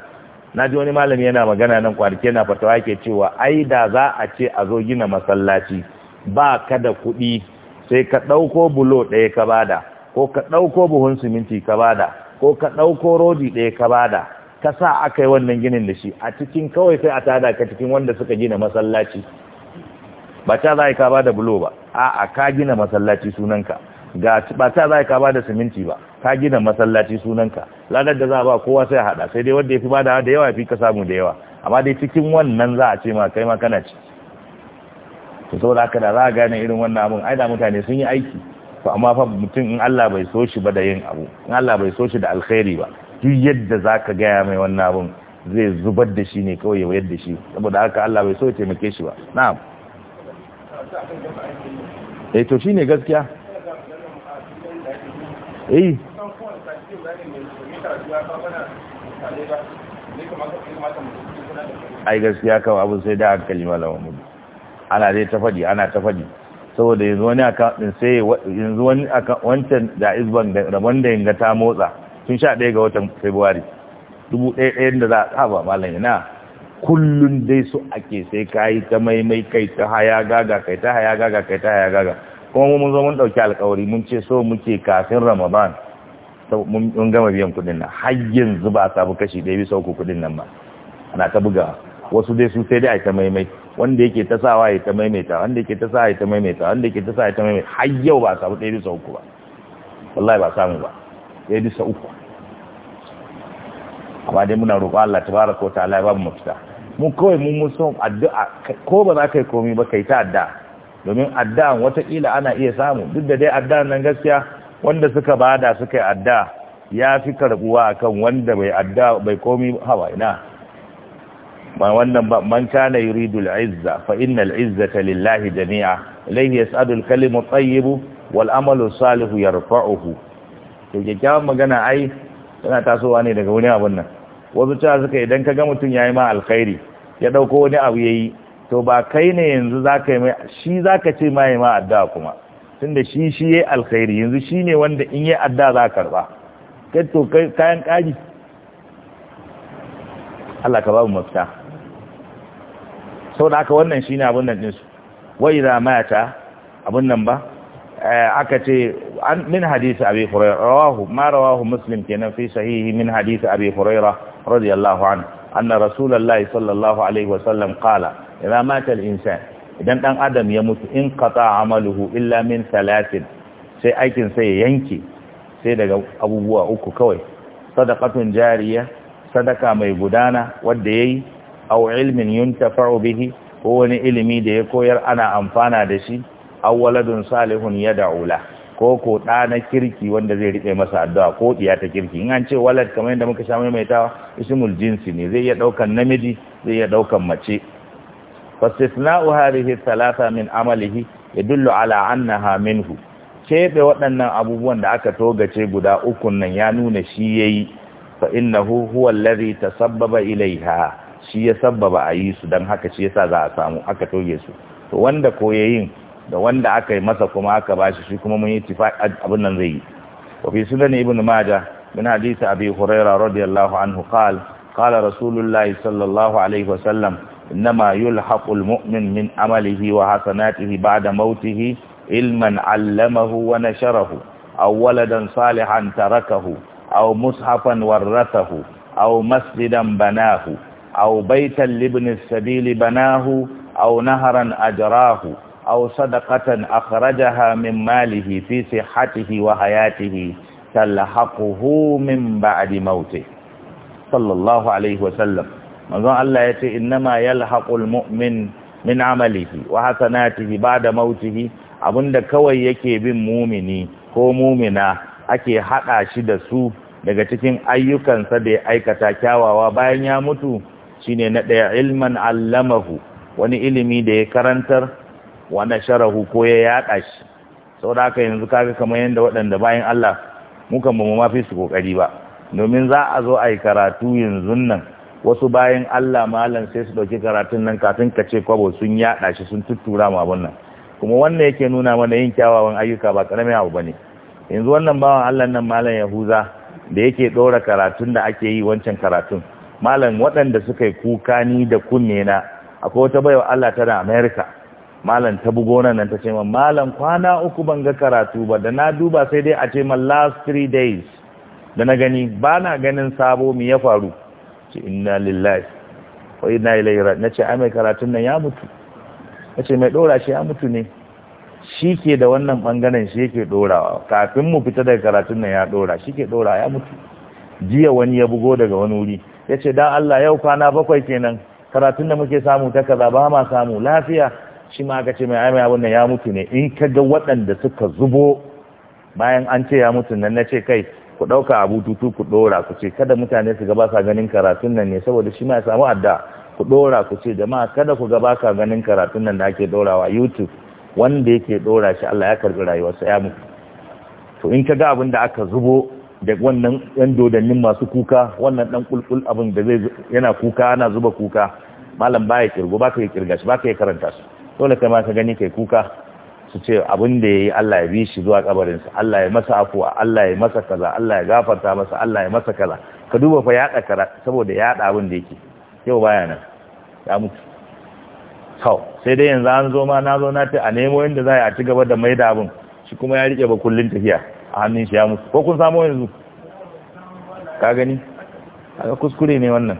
na ji wani malami yana magana nan kwanaki yana fatawa yake cewa ai da za a ce a zo gina masallaci ba ka da kuɗi sai ka ɗauko bulo ɗaya ka bada ko ka ɗauko buhun siminti ka bada ko ka ɗauko rodi ɗaya ka bada ka sa aka yi wannan ginin da shi a cikin kawai sai a tada ka cikin wanda suka gina masallaci ba ta za ka bada bulo ba a'a ka gina masallaci sunanka ga ba ta za ka bada siminti ba ka gina masallaci sunanka ladar da za a ba kowa sai a haɗa. sai dai wanda ya fi bada da yawa fi ka samu da yawa amma dai cikin wannan za a ce ma kai ma kana ci to da haka da za a gane irin wannan abin aida mutane sun yi aiki to amma fa mutum in Allah bai so shi ba da yin abu in Allah bai so shi da alkhairi ba duk yadda za ka gaya mai wannan abin zai zubar da shi ne kawai ya wayar da shi saboda haka Allah bai so ya taimake shi ba na'am eh to shine gaskiya eh ai gaskiya kawai abu sai da hankali malamu ana dai ta faɗi ana ta faɗi saboda yanzu wani aka din sai yanzu wani wancan da isban da rabon da yanga ta motsa tun sha ɗaya ga watan february dubu ɗaya da za a saba malam ina kullun dai su ake sai kai ta maimai kai ta haya gaga kai ta haya gaga kai ta haya gaga kuma mun zo mun ɗauki alƙawari mun ce so muke kafin ramadan mun gama biyan kuɗin nan har yanzu ba a sabu kashi ɗaya bisa uku kuɗin nan ba ana ta buga wasu dai su sai dai a ta maimai wanda yake ta sawa ya ta maimaita wanda yake ta sawa ya ta maimaita wanda yake ta sawa ya ta maimaita har yau ba samu ɗaya bisa uku ba wallahi ba samu ba ɗaya bisa uku amma dai muna roƙo Allah baraka wa ta'ala ya ba mu mafita mu kawai mun mun addu'a ko ba za ka yi komai ba kai ta addu'a domin wata wataƙila ana iya samu duk da dai adda nan gaskiya wanda suka bada suka yi addu'a ya fi karbuwa akan wanda bai addu'a bai komai hawa ina Ma wannan ba man kana yuridu izza fa innal izzata lillahi jami'a ilayhi yas'adu al-kalimu tayyibu wal amalu salihu yarfa'uhu to kyakkyawan magana ai tana tasowa ne daga wani abun nan wasu cewa suka idan ka ga mutum yayi ma alkhairi ya dauko wani abu yayi to ba kai ne yanzu zaka yi mai shi zaka ce mai ma addu'a kuma tunda shi shi yayi alkhairi yanzu shine wanda in yayi addu'a za karba kai to kayan kaji Allah ka ba mu mafita da aka wannan shine abun nan din su wa idza mata abun nan ba eh, aka ce min hadisi abi ma rawahu muslim kenan fi sahihi min hadisi abi hurairah radiyallahu anhu anna rasulullahi sallallahu alaihi wasallam qala idza mata al idan dan adam ya mutu in qata amaluhu illa min talatin sai aikin sai ya yanke sai daga abubuwa uku kawai sadakatun jariya sadaka mai gudana wanda yayi aw ilmin yuntafa'u bihi ko wani ilimi da ya koyar ana amfana da shi aw waladun salihun yad'u la ko ko da na kirki wanda zai rike masa addu'a ko diya ta kirki in an ce walad kamar yadda muka sha maimaitawa ismul jinsi ne zai ya daukan namiji zai ya daukan mace fastisna'u hadhihi thalatha min amalihi yadullu ala annaha minhu kebe waɗannan abubuwan da aka togace guda uku nan ya nuna shi yayi fa innahu huwa allazi tasabbaba ilaiha shi ya sabbaba a yi su don haka shi yasa za a samu aka toge su to wanda yin, da wanda aka yi masa kuma aka bashi shi kuma mun yi tifa abin nan zai yi wa fi sunan ibn majah min hadisi abi hurairah radiyallahu anhu qala qala rasulullahi sallallahu alaihi wa sallam innama yulhaqu almu'min min amalihi wa hasanatihi ba'da mautihi ilman 'allamahu wa nasharahu aw waladan salihan tarakahu aw mushafan warathahu aw masjidan banahu aw baitan libni sabili banahu aw naharan ajrahu aw sadaqatan akhrajaha min malihi fi sihhatihi wa hayatihi talhaquhu min ba'di mautih sallallahu alaihi wa sallam manzon Allah yace innama yalhaqul mu'min min amalihi wa hasanatihi ba'da mautihi abinda kawai yake bin mumini ko mumina ake hada shi da su daga cikin ayyukansa da ya aikata kyawawa bayan ya mutu shine na ɗaya ilman allamahu wani ilimi da ya karantar wa nasharahu ko ya yaɗa shi saboda haka yanzu kaga kamar yadda waɗanda bayan Allah muka kan mu ma fi su kokari ba domin za a zo a yi karatu yanzu nan wasu bayan Allah malam sai su ɗauki karatun nan kafin ka ce kwabo sun yaɗa shi sun tuttura mu abun nan kuma wannan yake nuna mana yin kyawawan ayyuka ba ƙaramin abu ba ne. yanzu wannan bawan Allah nan malam Yahuza da yake ɗora karatun da ake yi wancan karatun malam waɗanda suka yi kuka ni da kunne na akwai wata baiwa Allah tana America malam ta bugo nan ta ce man malam kwana uku ban ga karatu ba da na duba sai dai a ce man last three days da na gani ba na ganin sabo mi ya faru ce inna lillahi wa inna ilaihi raji'un nace ai mai karatun nan ya mutu nace mai dora shi ya mutu ne shi ke da wannan bangaren shi yake dorawa kafin mu fita daga karatun nan ya dora shi ke dora ya mutu jiya wani ya bugo daga wani wuri ya ce da Allah yau kwana bakwai kenan karatun da muke samu ta kaza ba ma samu lafiya shi ma aka ce mai aimi abin ya mutu ne in ka ga waɗanda suka zubo bayan an ce ya mutu nan na ce kai ku ɗauka abu tutu ku ɗora ku ce kada mutane su gaba sa ganin karatun nan ne saboda shi ma ya samu adda ku ɗora ku ce jama'a kada ku gaba ka ganin karatun nan da ake ɗorawa youtube wanda yake ɗora shi Allah ya karɓi rayuwarsa ya mutu to in ka ga abin da aka zubo da wannan yan dodannin masu kuka wannan dan kulkul abin da zai yana kuka ana zuba kuka malam baya kirgo baka yi kirga shi baka yi karanta su dole kai ma ka gani kai kuka su ce abin da yayi Allah ya bi shi zuwa kabarin sa Allah ya masa afuwa Allah ya masa kaza Allah ya gafarta masa Allah ya masa kaza ka duba fa yaɗa kara saboda ya da abin da yake yau baya nan ya mutu to sai dai yanzu an zo ma na zo na ta a nemo inda za a ci gaba da maida abin shi kuma ya rike ba kullun tafiya a hannun shi ya mutu ko kun samu yanzu ka gani aka kuskure ne wannan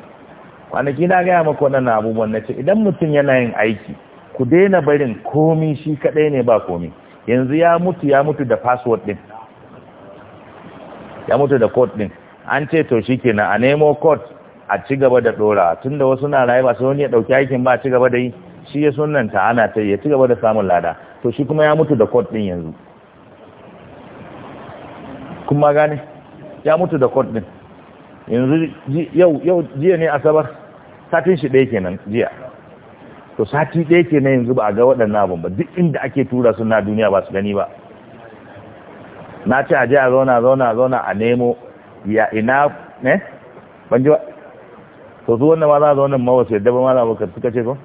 kwanaki na gaya maka waɗannan abubuwan na ce idan mutum yana yin aiki ku daina barin komi shi kaɗai ne ba komi yanzu ya mutu ya mutu da password ɗin ya mutu da code ɗin an ce to shi kenan a nemo code a ci gaba da ɗora tunda wasu na rayu ba sai wani ya ɗauki aikin ba ci gaba da yi shi ya sunanta ana ta ya ci gaba da samun lada to shi kuma ya mutu da code ɗin yanzu ma gane ya mutu da court din yanzu yau yau jiya ne asabar satin shi ɗaya kenan jiya to sati ɗaya kenan yanzu ba a ga waɗannan abun ba duk inda ake tura su na duniya ba su gani ba na ce a jiya a zauna zauna zauna a nemo ya ina ne ban ji ba to su wannan ma za a zauna ma wasu yadda ba ma za a suka ce ko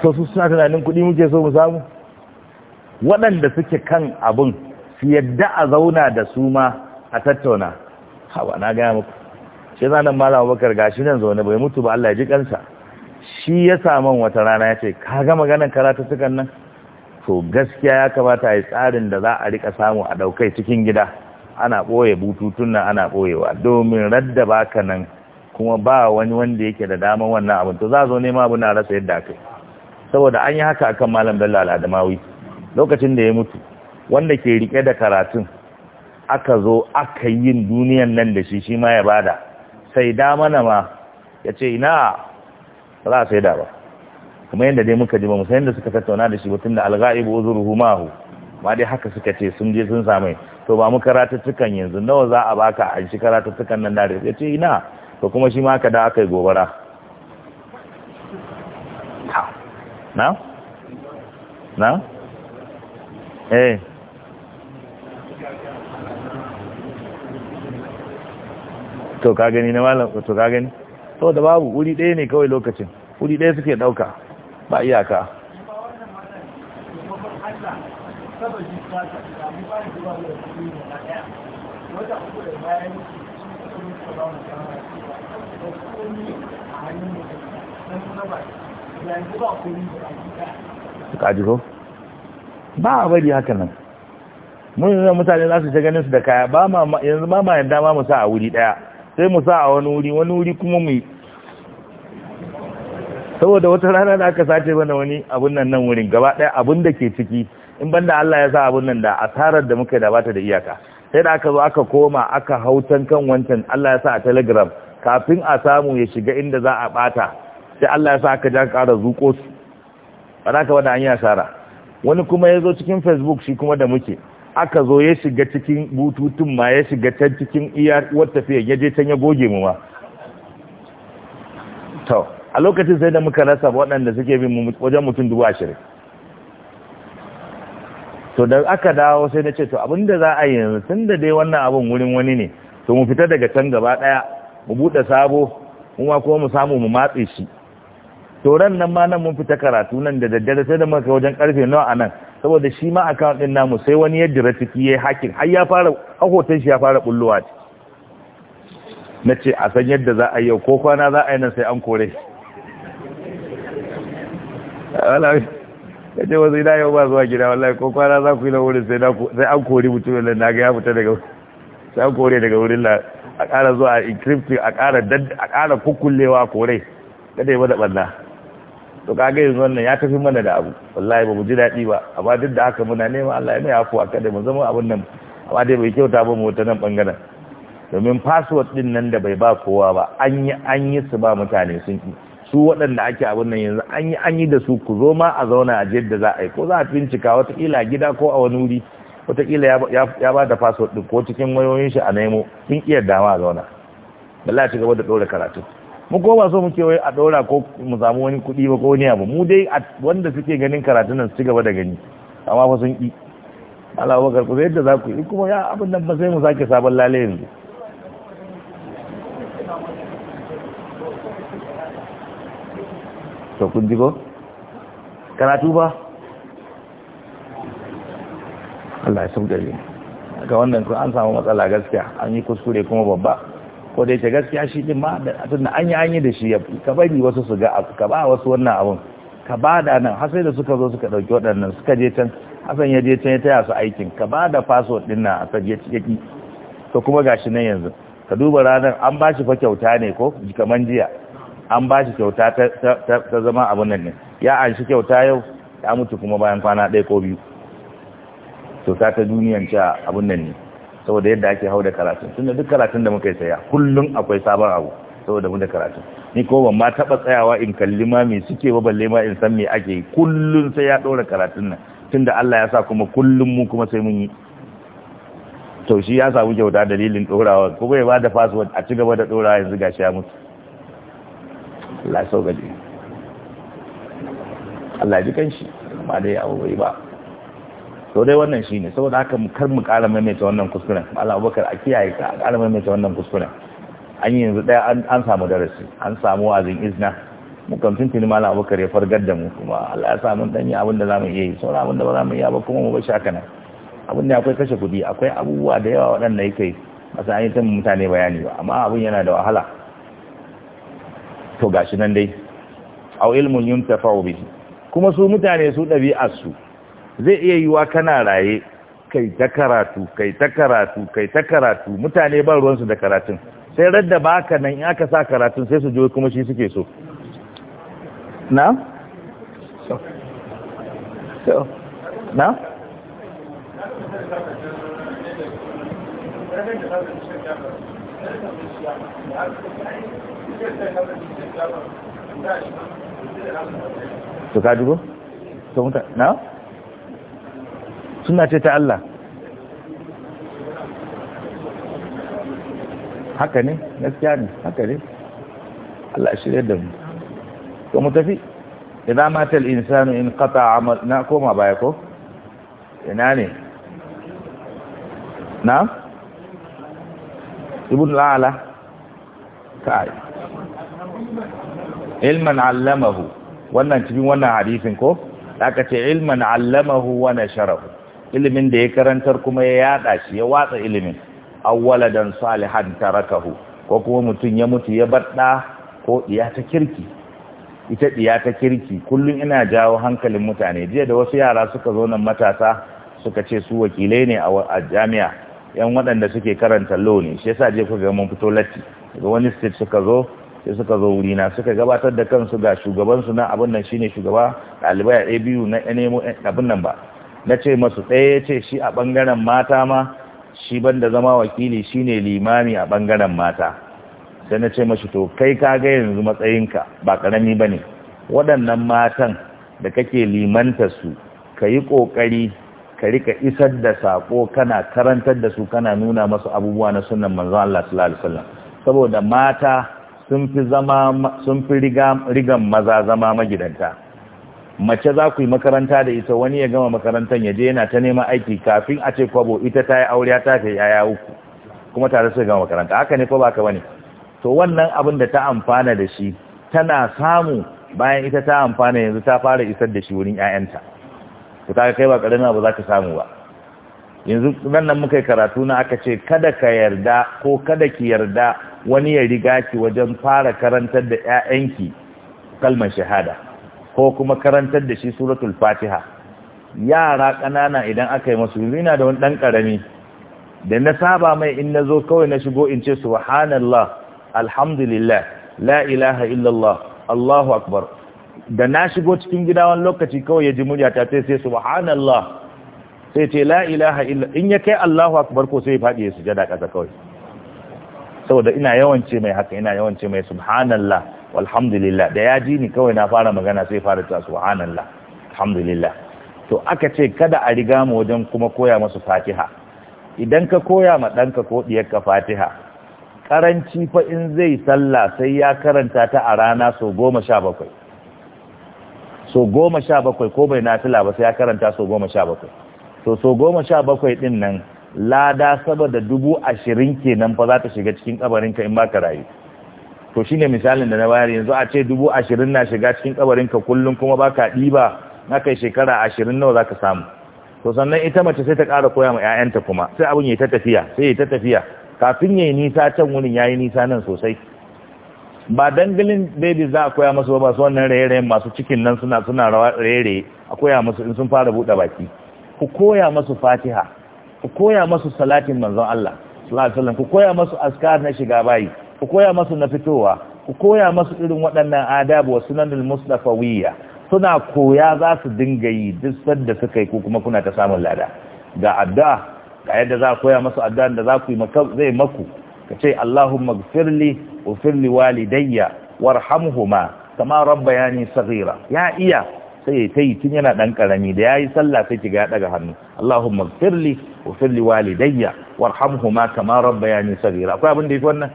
to su suna tunanin kuɗi muke so mu samu waɗanda suke kan abun su yadda a zauna da su ma a tattauna hawa na gaya muku shi nan malam bakar gashi nan zaune bai mutu ba Allah ya ji kansa shi ya samu wata rana ya ce ka ga maganar karatu sukan nan to gaskiya ya kamata a yi tsarin da za a rika samu a daukai cikin gida ana ɓoye bututun nan ana ɓoyewa domin radda baka nan kuma ba wani wanda yake da daman wannan abin to za zo nema abu na rasa yadda kai saboda an yi haka akan malam bello al'adamawi lokacin da ya mutu wanda ke rike da karatun aka zo aka yin duniyan nan da shi shi ma ya bada sai da mana ma ya ce ina za a sai da ba kuma yadda dai muka ji ba musayin da suka tattauna da shi mutum da alga'ibu uzuruhu mahu ma dai haka suka ce sun je sun same to ba mu karatattukan yanzu nawa za a baka an shi karatattukan nan da ya ce ina to kuma shi ma ka da aka yi gobara na na eh to ka gani na malam to ka gani to da babu wuri ɗaya ne kawai lokacin wuri ɗaya suke ɗauka ba iyaka ko ba a bari haka nan mun yanzu mutane za su ta ganin su da kaya ba ma yanzu ma ma yadda ma mu sa a wuri daya sai mu sa a wani wuri wani wuri kuma mu yi saboda wata rana da aka sace mana wani abun nan nan wurin gaba daya abun da ke ciki in banda Allah ya sa abun nan da asarar da muka da bata da iyaka sai da aka zo aka koma aka hautan kan wancan Allah ya sa a telegram kafin a samu ya shiga inda za a bata sai Allah ya sa aka ja ƙara zuƙo su ba za ka wada an yi asara wani kuma ya zo cikin facebook shi kuma da muke aka zo ya shiga cikin bututun ma ya shiga can cikin iya wata fiye ya je can ya goge mu ma to a lokacin sai da muka rasa waɗanda suke bin wajen mutum dubu ashirin to da aka dawo sai na ce to abinda za a yi yanzu tun da dai wannan abin wurin wani ne to mu fita daga can gaba ɗaya mu buɗe sabo mu ma kuma mu samu mu matse shi to ran nan ma nan mun fita karatu nan da daddare sai da muka wajen karfe nawa a nan saboda shi ma a kan din namu sai wani yadda jira ciki yayi hacking har ya fara hakotan shi ya fara bullowa ci nace a san yadda za a yi ko kwana za a yi nan sai an kore shi wallahi yace wasu ina yau ba zuwa gida wallahi ko kwana za ku yi na wurin sai sai an kore mutum na naga ya fita daga sai an kore daga wurin la a ƙara zuwa a encrypting a ƙara a ƙara kukkullewa kore kada yi mada ɓanna to kaga yanzu wannan ya tafi mana da abu wallahi ba mu ji daɗi ba amma duk da haka muna neman Allah ya mai a kada mu zama abin nan amma dai bai kyauta ba mu wata nan bangaren domin password din nan da bai ba kowa ba an yi an yi su ba mutane sun ki su waɗanda ake abin nan yanzu an yi an yi da su ku zo ma a zauna a jiyar da za a yi ko za a bincika watakila a gida ko a wani wuri watakila ya ba da password din ko cikin wayoyin shi a nemo sun iya dama a zauna Allah ya ci gaba da ɗora karatu mu ko ba so muke wai a ɗora ko mu samu wani kuɗi ba ko wani abu mu dai wanda suke ganin karatun nan su gaba da gani amma fa sun ƙi Allah wa karku sai yadda za ku yi kuma ya abin nan ba sai mu sake sabon lale yanzu to kun ji ko karatu ba Allah ya sauke ga wannan an samu matsala gaskiya an yi kuskure kuma babba ko da yake gaskiya shi din ma tunda an yi an yi da shi ya ka bari wasu su ga ka ba wasu wannan abun ka ba da nan har sai da suka zo suka dauki waɗannan suka je can hasan ya je can ya taya su aikin ka ba da password din nan a ya ciki to kuma gashi nan yanzu ka duba ranar an ba shi fa kyauta ne ko kaman jiya an ba shi kyauta ta zama abun nan ne ya an shi kyauta yau ya mutu kuma bayan kwana ɗaya ko biyu to ta ta duniyan cewa abun nan ne saboda yadda ake hau da karatun tun da duk karatun da muka yi saya kullum akwai sabon abu saboda mu da karatun ni ko ban ma taba tsayawa in kalli ma me suke ba balle ma in san me ake yi kullum sai ya dora karatun nan tunda Allah ya sa kuma kullum mu kuma sai mun yi to shi ya samu kyauta dalilin dorawa ko bai ba da password a ci gaba da dorawa yanzu gashi ya mutu Allah ya sauka Allah ya ji kanshi amma dai abu bai ba to dai wannan shi ne saboda haka kar mu ƙara maimaita wannan kuskuren Allah Abubakar a kiyaye ka a ƙara maimaita wannan kuskuren an yi yanzu daya an samu darasi an samu wazin izna mu kan tuntuni malam Abubakar ya fargar da mu kuma Allah ya sa mun dan yi abin da zamu iya yi sauran abin da ba zamu iya ba kuma mu bar shi haka nan abin da akwai kashe kuɗi akwai abubuwa da yawa waɗanda yake ba sa an yi ta mutane bayani ba amma abin yana da wahala to gashi nan dai aw ilmun yuntafa'u bihi kuma su mutane su ɗabi'ar su zai iya yiwa kana raye kai ta karatu kai ta karatu kai ta karatu mutane ba ruwansu da karatun sai radda baka nan in aka sa karatun sai su je kuma shi suke so na? na? ka na? suna ce ta Allah haka ne gaskiya ne haka ne Allah shirya da mu to mu tafi idan mata al-insanu in qata amal na koma baya ko ina ne na ibn la'ala kai ilman allamahu wannan cikin wannan hadisin ko aka ce ilman allamahu wa sharafu? ilimin da ya karantar kuma ya yada shi ya watsa ilimin dan salihan tarakahu ko kuma mutum ya mutu ya badda ko diya ta kirki ita diya ta kirki kullum ina jawo hankalin mutane jiya da wasu yara suka zo nan matasa suka ce su wakilai ne a jami'a yan waɗanda suke karanta law ne shi yasa je kuka ga mun fito latti daga wani state suka zo sai suka zo wuri suka gabatar da kansu ga shugabansu na abin nan shine shugaba ɗalibai a biyu na nemo eh, abin nan ba na ce masu ɗaya ya ce shi a ɓangaren mata ma shi banda zama wakili shi ne limami a ɓangaren mata sai na ce masu to kai ka ga yanzu matsayinka ba ƙarami ba ne waɗannan matan da kake limanta su ka yi ƙoƙari ka rika isar da saƙo kana karantar da su kana nuna masu abubuwa na sunan manzon Allah sallallahu alaihi wasallam saboda mata sun fi zama sun fi rigan maza zama magidanta mace za ku yi makaranta da ita wani ya gama makarantar ya je yana ta neman aiki kafin a ce kwabo ita ta yi aure ta ce yaya uku kuma tare su gama makaranta haka ne ko ba ka bane to wannan abin da ta amfana da shi tana samu bayan ita ta amfana yanzu ta fara isar da shi wurin ƴaƴanta to kaga kai ba karama ba za ka samu ba yanzu nan nan muka yi karatu na aka ce kada ka yarda ko kada ki yarda wani ya riga ki wajen fara karantar da ƴaƴanki kalmar shahada ko kuma karantar da shi suratul fatiha yara ƙanana idan aka yi masu yana da wani ɗan ƙarami da na saba mai in na zo kawai na shigo in ce subhanallah alhamdulillah la ilaha illallah allahu akbar da na shigo cikin gida wani lokaci kawai ya ji muryata ta sai subhanallah sai ce la ilaha illa in ya kai allahu akbar ko sai ya faɗi ya sujada ƙasa kawai saboda ina yawan ce mai haka ina yawan ce mai subhanallah walhamdulillah da ya ji ni kawai na fara magana sai fara ta subhanallah alhamdulillah to aka ce kada a riga mu wajen kuma koya masu fatiha idan ka koya ma ɗanka ko ɗiyarka fatiha karanci fa in zai sallah sai ya karanta ta a rana so goma sha bakwai so goma sha bakwai ko bai natila ba sai ya karanta so goma sha bakwai to so goma sha bakwai ɗin nan lada saboda dubu ashirin kenan fa za ta shiga cikin kabarinka in ba ka rayu to shine misalin da na bayar yanzu a ce dubu ashirin na shiga cikin kabarin ka kullum kuma baka ɗiba na kai shekara ashirin nawa zaka samu to sannan ita mace sai ta ƙara koya ma 'ya'yanta kuma sai abin ya ta tafiya sai ya ta tafiya kafin ya yi nisa can wurin ya yi nisa nan sosai ba dangalin babies za a koya masu ba su wannan raye-rayen masu cikin nan suna suna raye a koya masu in sun fara buɗe baki ku koya masu fatiha ku koya masu salatin manzon Allah sallallahu alaihi wasallam ku koya masu azkar na shiga bayi ku koya masu na fitowa ku koya masu irin waɗannan adabu wa sunanul muslafawiyya suna koya za su dinga yi duk sanda suka yi ko kuma kuna ta samun lada ga addu'a ga yadda za koya masu addu'a da za ku yi zai maku ka ce Allahumma gfirli ufirli walidayya warhamhuma kama rabbayani saghira ya iya sai ya tayi tun yana dan karami da yayi sallah sai kiga ya daga hannu Allahumma gfirli ufirli walidayya warhamhuma kama rabbayani saghira akwai abin da yake wannan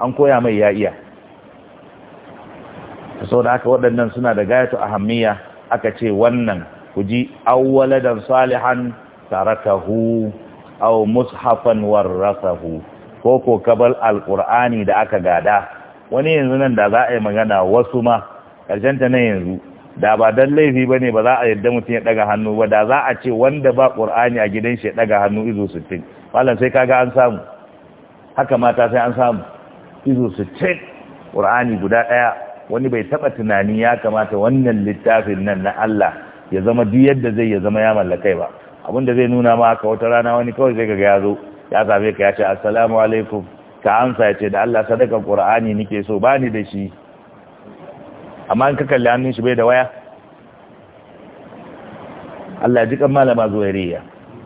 an koya mai ya iya sau da aka waɗannan suna da gayatu ahammiya aka ce wannan ku ji awwaladan salihan tarakahu aw mushafan warasahu ko ko kabal alqur'ani da aka gada wani yanzu nan da za a yi magana wasu ma ƙarshen ta nan yanzu da ba dan laifi bane ba za a yadda mutum ya daga hannu ba da za a ce wanda ba ƙur'ani a gidan shi ya daga hannu izo 60 wallan sai kaga an samu haka mata sai an samu izo su ce ƙur'ani guda ɗaya wani bai taɓa tunani ya kamata wannan littafin nan na Allah ya zama duk yadda zai ya zama ya mallakai ba abin da zai nuna ma haka wata rana wani kawai zai kaga ya zo ya same ka ya ce assalamu alaikum ka amsa ya ce da Allah sadaka ƙur'ani nake so ba ni da shi amma in ka kalli hannun shi bai da waya Allah ji kan malama zuwairiya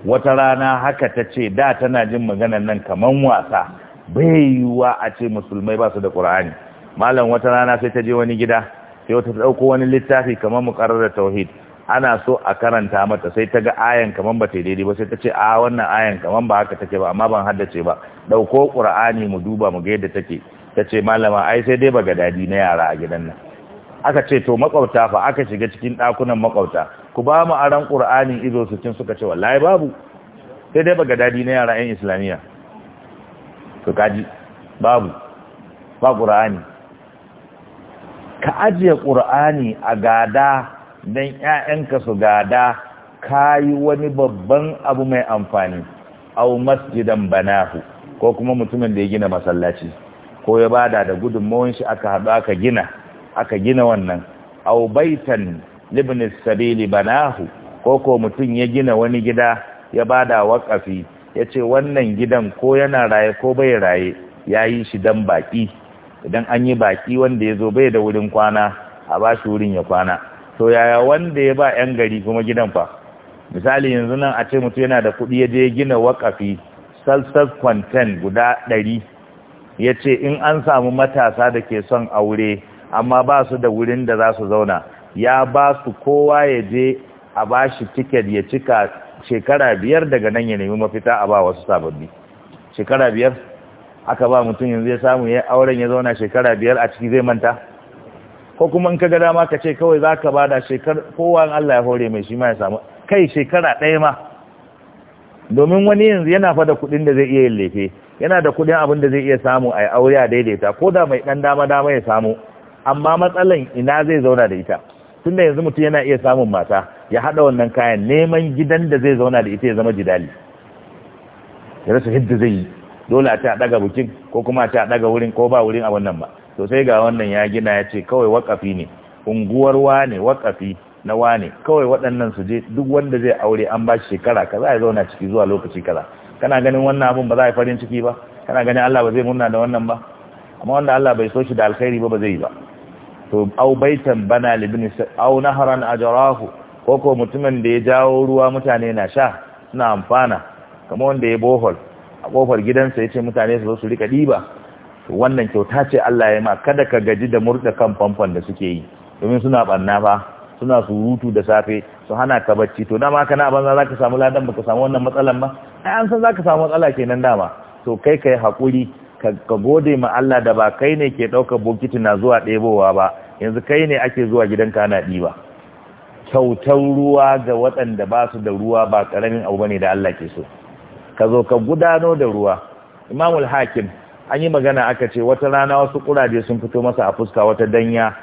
wata rana haka ta ce da tana jin maganan nan kaman wasa bai yiwuwa a ce musulmai ba su da qur'ani. malam wata rana sai ta je wani gida sai ta ɗauko wani littafi kamar muƙarar tauhid ana so a karanta mata sai ta ga ayan kamar ba ta daidai ba sai ta ce a wannan ayan kamar ba haka take ba amma ban haddace ba ɗauko ƙur'ani mu duba mu ga yadda take ta ce malama ai sai dai ba ga dadi na yara a gidan nan aka ce to makwabta fa aka shiga cikin ɗakunan makwabta ku ba mu aran ƙur'anin izo su cin suka ce wallahi babu sai dai ba ga dadi na yara 'yan islamiyya to kaji babu ba qur'ani ka ajiye qur'ani a gada dan ƴaƴanka su gada kayi wani babban abu mai amfani au masjidan banahu ko kuma mutumin da ya gina masallaci ko ya bada da gudunmawar shi aka haɗu aka gina aka gina wannan au baitan libnis sabili banahu ko ko mutum ya gina wani gida ya bada waƙafi ya ce wannan gidan ko yana raye ko bai raye ya yi shi don baƙi idan an yi baƙi wanda ya zo bai da wurin kwana a ba shi wurin ya kwana to yaya wanda ya ba 'yan gari kuma gidan fa misali yanzu nan a ce mutu yana da kuɗi ya je gina wakafi salsal kwanten guda ɗari ya ce in an samu matasa da ke son aure amma ba su da wurin da za su zauna ya ba su kowa ya je a ba shi tiket ya cika shekara biyar daga nan ya nemi mafita a ba wasu sababbi shekara biyar aka ba mutum yanzu ya samu ya auren ya zauna shekara biyar a ciki zai manta ko kuma in ka ga dama ka ce kawai za ka ba da shekar kowa Allah ya hore mai shi ma ya samu kai shekara ɗaya ma domin wani yanzu yana fa da kuɗin da zai iya yin lefe yana da kuɗin abin da zai iya samu a aure a daidaita ko da mai ɗan dama dama ya samu amma matsalan ina zai zauna da ita tunda yanzu mutum yana iya samun mata ya hada wannan kayan neman gidan da zai zauna da ita ya zama jidali ya rasa hidda zai yi dole a ce a daga bukin ko kuma a ce a daga wurin ko ba wurin a wannan ba to sai ga wannan ya gina ya ce kawai wakafi ne unguwar wane wakafi na wane kawai waɗannan su je duk wanda zai aure an ba shi shekara kaza ya zauna ciki zuwa lokaci kaza kana ganin wannan abun ba za a yi farin ciki ba kana ganin Allah ba zai murna da wannan ba amma wanda Allah bai so shi da alkhairi ba ba zai yi ba to au baitan bana libni au naharan ajrahu ko mutumin da ya jawo ruwa mutane na sha suna amfana kamar wanda ya bohol a kofar gidansa ya ce mutane su zo su rika ɗiba wannan kyauta ce Allah ya ma kada ka gaji da murda kan famfon da suke yi domin suna ɓanna fa suna surutu da safe su hana ka bacci to dama kana banza za ka samu ladan ka samu wannan matsalan ba ai an san za ka samu matsala kenan dama to kai kai hakuri ka gode ma Allah da ba kai ne ke ɗaukar bokiti na zuwa ɗebowa ba yanzu kai ne ake zuwa gidanka ana ɗiba kyautar ruwa ga waɗanda ba su da ruwa ba ƙaramin abu bane da Allah ke so ka zo ka gudano da ruwa imamul hakim an yi magana aka ce wata rana wasu kuraje sun fito masa a fuska wata danya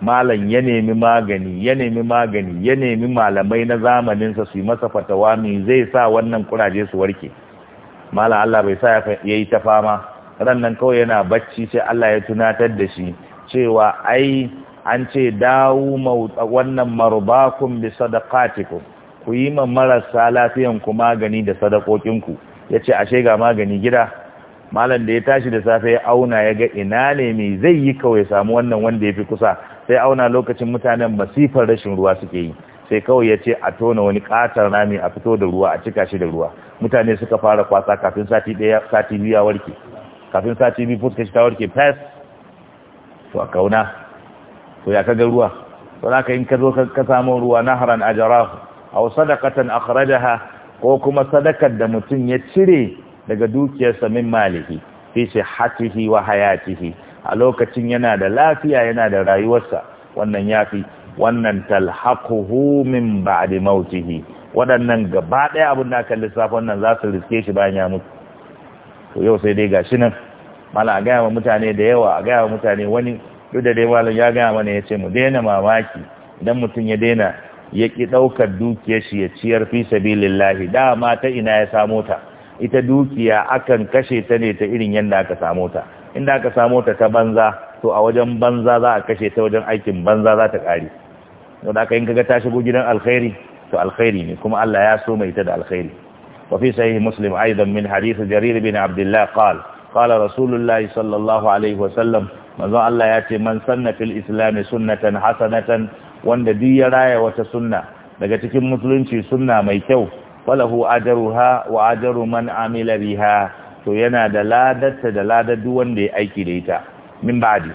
malam ya nemi magani ya nemi magani ya nemi malamai na zamaninsa su yi masa fatawa mai zai sa wannan kuraje su warke malam Allah bai sa ya yi ta fama ran nan kawai yana bacci sai Allah ya tunatar da shi cewa ai an ce dawo wannan marubakun bi sadaqatikum ku yi ma marasa lafiyan ku magani da sadakokinku yace ashe ga magani gida malam da ya tashi da safe ya auna ya ga ina ne me zai yi kawai samu wannan wanda ya fi kusa sai auna lokacin mutanen masifar rashin ruwa suke yi sai kawai ya ce a tona wani katar rami a fito da ruwa a cika shi da ruwa mutane suka fara kwasa kafin sati daya sati biyu ya warke kafin sati biyu fuska shi ta warke fes to a kauna to ya kaga ruwa to haka in ka zo ka samu ruwa nahran ajrahu aw sadaqatan akhrajaha ko kuma sadakar da mutum ya cire daga dukiyarsa min maliki fi sihhatihi wa hayatihi a lokacin yana da lafiya yana da rayuwarsa wannan yafi wannan talhaquhu min ba'di mautihi waɗannan gaba daya abin da aka lissafin wannan za su riske shi bayan ya mutu to yau sai dai gashi nan mala a gaya wa mutane da yawa a gaya wa mutane wani duk da dai malam ya gaya mana ya ce mu daina mamaki idan mutum ya daina ya ƙi ɗaukar dukiyar shi ya ciyar fi sabilillahi dama ta ina ya samo ta ita dukiya akan kashe ta ne ta irin yadda aka samo ta inda aka samo ta ta banza to a wajen banza za a kashe ta wajen aikin banza za ta ƙare da aka in kaga ta shigo gidan alkhairi to alkhairi ne kuma Allah ya so mai ta da alkhairi wa fi sahih muslim aidan min hadith jarir bin abdullah qala qala rasulullahi sallallahu alaihi wa sallam manzon Allah ya ce man sanna fil islami sunnatan hasanatan wanda duk ya raya wata sunna daga cikin musulunci sunna mai kyau falahu ajruha wa ajru man amila biha to yana da ladarta da ladar duk wanda ya aiki da ita min ba'di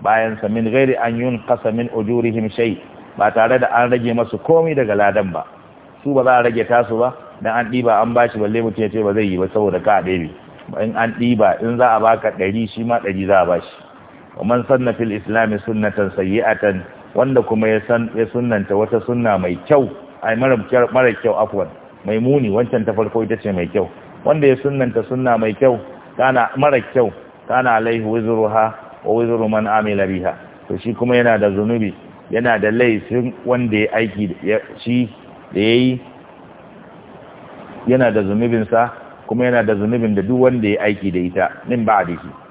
bayan sa min ghairi an yunqasa min ujurihim shay ba tare da an rage masu komai daga ladan ba su ba za a rage tasu ba dan an diba an bashi balle mutum ya ce ba zai yi ba saboda ka a in an diba in za a baka 100 shi ma 100 za a bashi wa man sanna fil islam sunnatan sayyi'atan wanda kuma ya san ya sunnanta wata sunna mai kyau ai mara mara kyau afwan mai muni wancan ta farko ita ce mai kyau wanda ya sunnanta sunna mai kyau kana mara kyau kana alaihi wizruha wa wizru man amila biha to shi kuma yana da zunubi yana da laifin wanda ya aiki shi da yayi yana da zunubinsa kuma yana da zunubin da duk wanda ya aiki da ita min ba'dihi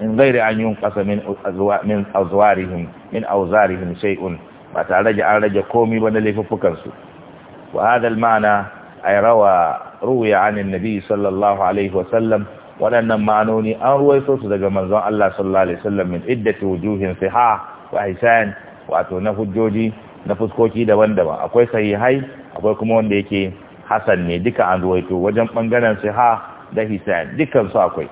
in gairi an yi kasa min azwarihim min auzarihim shay'un ba tare da an rage komi ba na laifuffukan su wa hadal al-ma'na ay rawa ruwiya an annabi sallallahu alaihi wa sallam waɗannan ma'anoni an ruwaito su daga manzon Allah sallallahu alaihi wasallam min iddati wujuhin siha wa ihsan wato na hujjoji na fuskoki daban-daban akwai sahihai akwai kuma wanda yake hasan ne duka an ruwaito wajen bangaren siha da hisan dukkan su akwai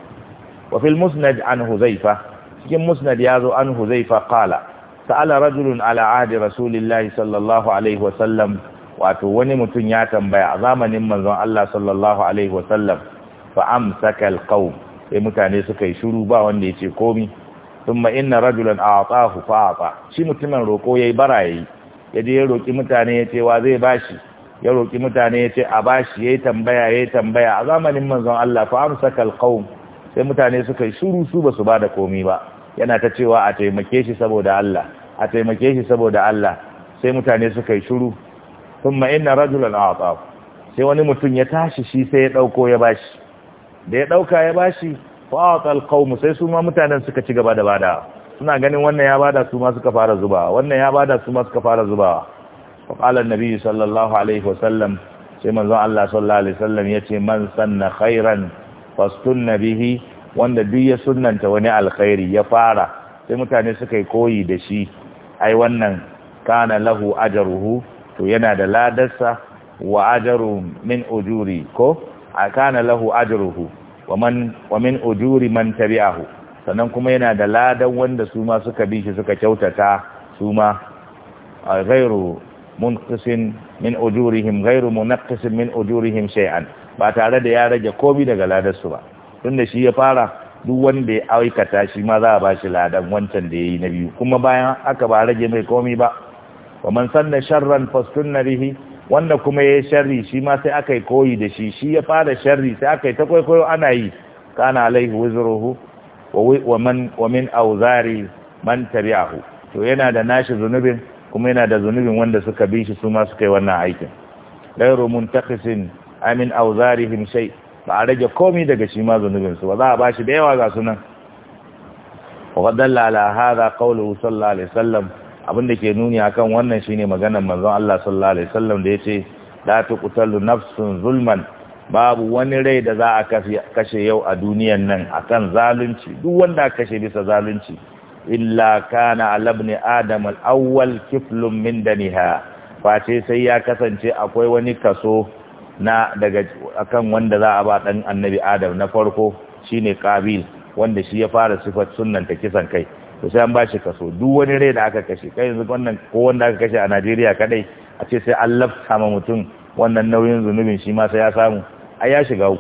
wa fil musnad an huzaifa cikin musnad ya zo an huzaifa qala sa'ala rajulun ala ahdi rasulillahi sallallahu alaihi wa sallam wato wani mutum ya tambaya a zamanin manzon Allah sallallahu alaihi wa sallam fa amsaka alqawm sai mutane suka yi shiru ba wanda ya ce komi thumma inna rajulan a'tahu fa a'ta shi mutumin roko yayi barayi yaje ya mutane ya ce wa zai bashi ya roƙi mutane ya ce a bashi ya yi tambaya ya yi tambaya a zamanin manzon Allah fa amsaka alqaum sai mutane suka yi shuru su ba su ba da komi ba yana ta cewa a taimake shi saboda Allah a taimake shi saboda Allah sai mutane suka yi shuru thumma inna rajulan a'ta sai wani mutum ya tashi shi sai ya dauko ya bashi da ya dauka ya bashi fa atal qaum sai su ma mutanen suka ci gaba da bada suna ganin wannan ya bada su ma suka fara zubawa wannan ya bada su ma suka fara zubawa fa qala annabi sallallahu alaihi wasallam sai manzon Allah sallallahu alaihi wasallam yace man sanna khairan fastunna bihi wanda duk ya sunnanta wani alkhairi ya fara sai mutane suka yi koyi da shi ai wannan kana lahu ajruhu to yana da ladarsa wa ajru min ujuri ko kana lahu ajruhu wa man wa min ujuri man tabi'ahu sannan kuma yana da ladan wanda su ma suka bi shi suka kyautata su ma ghairu munqisin min ujurihim ghairu munqisin min ujurihim shay'an ba tare da ya rage komi daga ladarsu ba tunda shi ya fara duk wanda ya aikata shi ma za a ba shi ladan wancan da ya yi na biyu kuma bayan aka ba rage mai komi ba wa man sanna sharran na rihi wanda kuma ya sharri shi ma sai aka yi koyi da shi shi ya fara sharri sai aka yi ta kwaikwayo ana yi kana alaihi wuzruhu wa wa min awzari man tabi'ahu to yana da nashi zunubin kuma yana da zunubin wanda suka bi shi su ma suka yi wannan aikin ghairu muntaqisin amin auzarihim shai ba a rage komi daga shi ma zunubinsu su ba za a bashi da yawa ga sunan wa dalla ala hadha sallallahu alaihi sallam abinda ke nuni akan wannan shine maganar manzon Allah sallallahu alaihi sallam da yace la tuqtalu nafsun zulman babu wani rai da za a kashe yau a duniyan nan akan zalunci duk wanda a kashe bisa zalunci illa kana ala ibn adam al Min kiflun min daniha face sai ya kasance akwai wani kaso na daga akan wanda za a ba dan annabi adam na farko shine qabil wanda shi ya fara sifar sunnan ta kisan kai to sai an ba shi kaso duk wani rai da aka kashe kai yanzu wannan ko wanda aka kashe a Najeriya kadai a ce sai an lafta ma mutum wannan nauyin zunubin shi ma sai ya samu ai ya shiga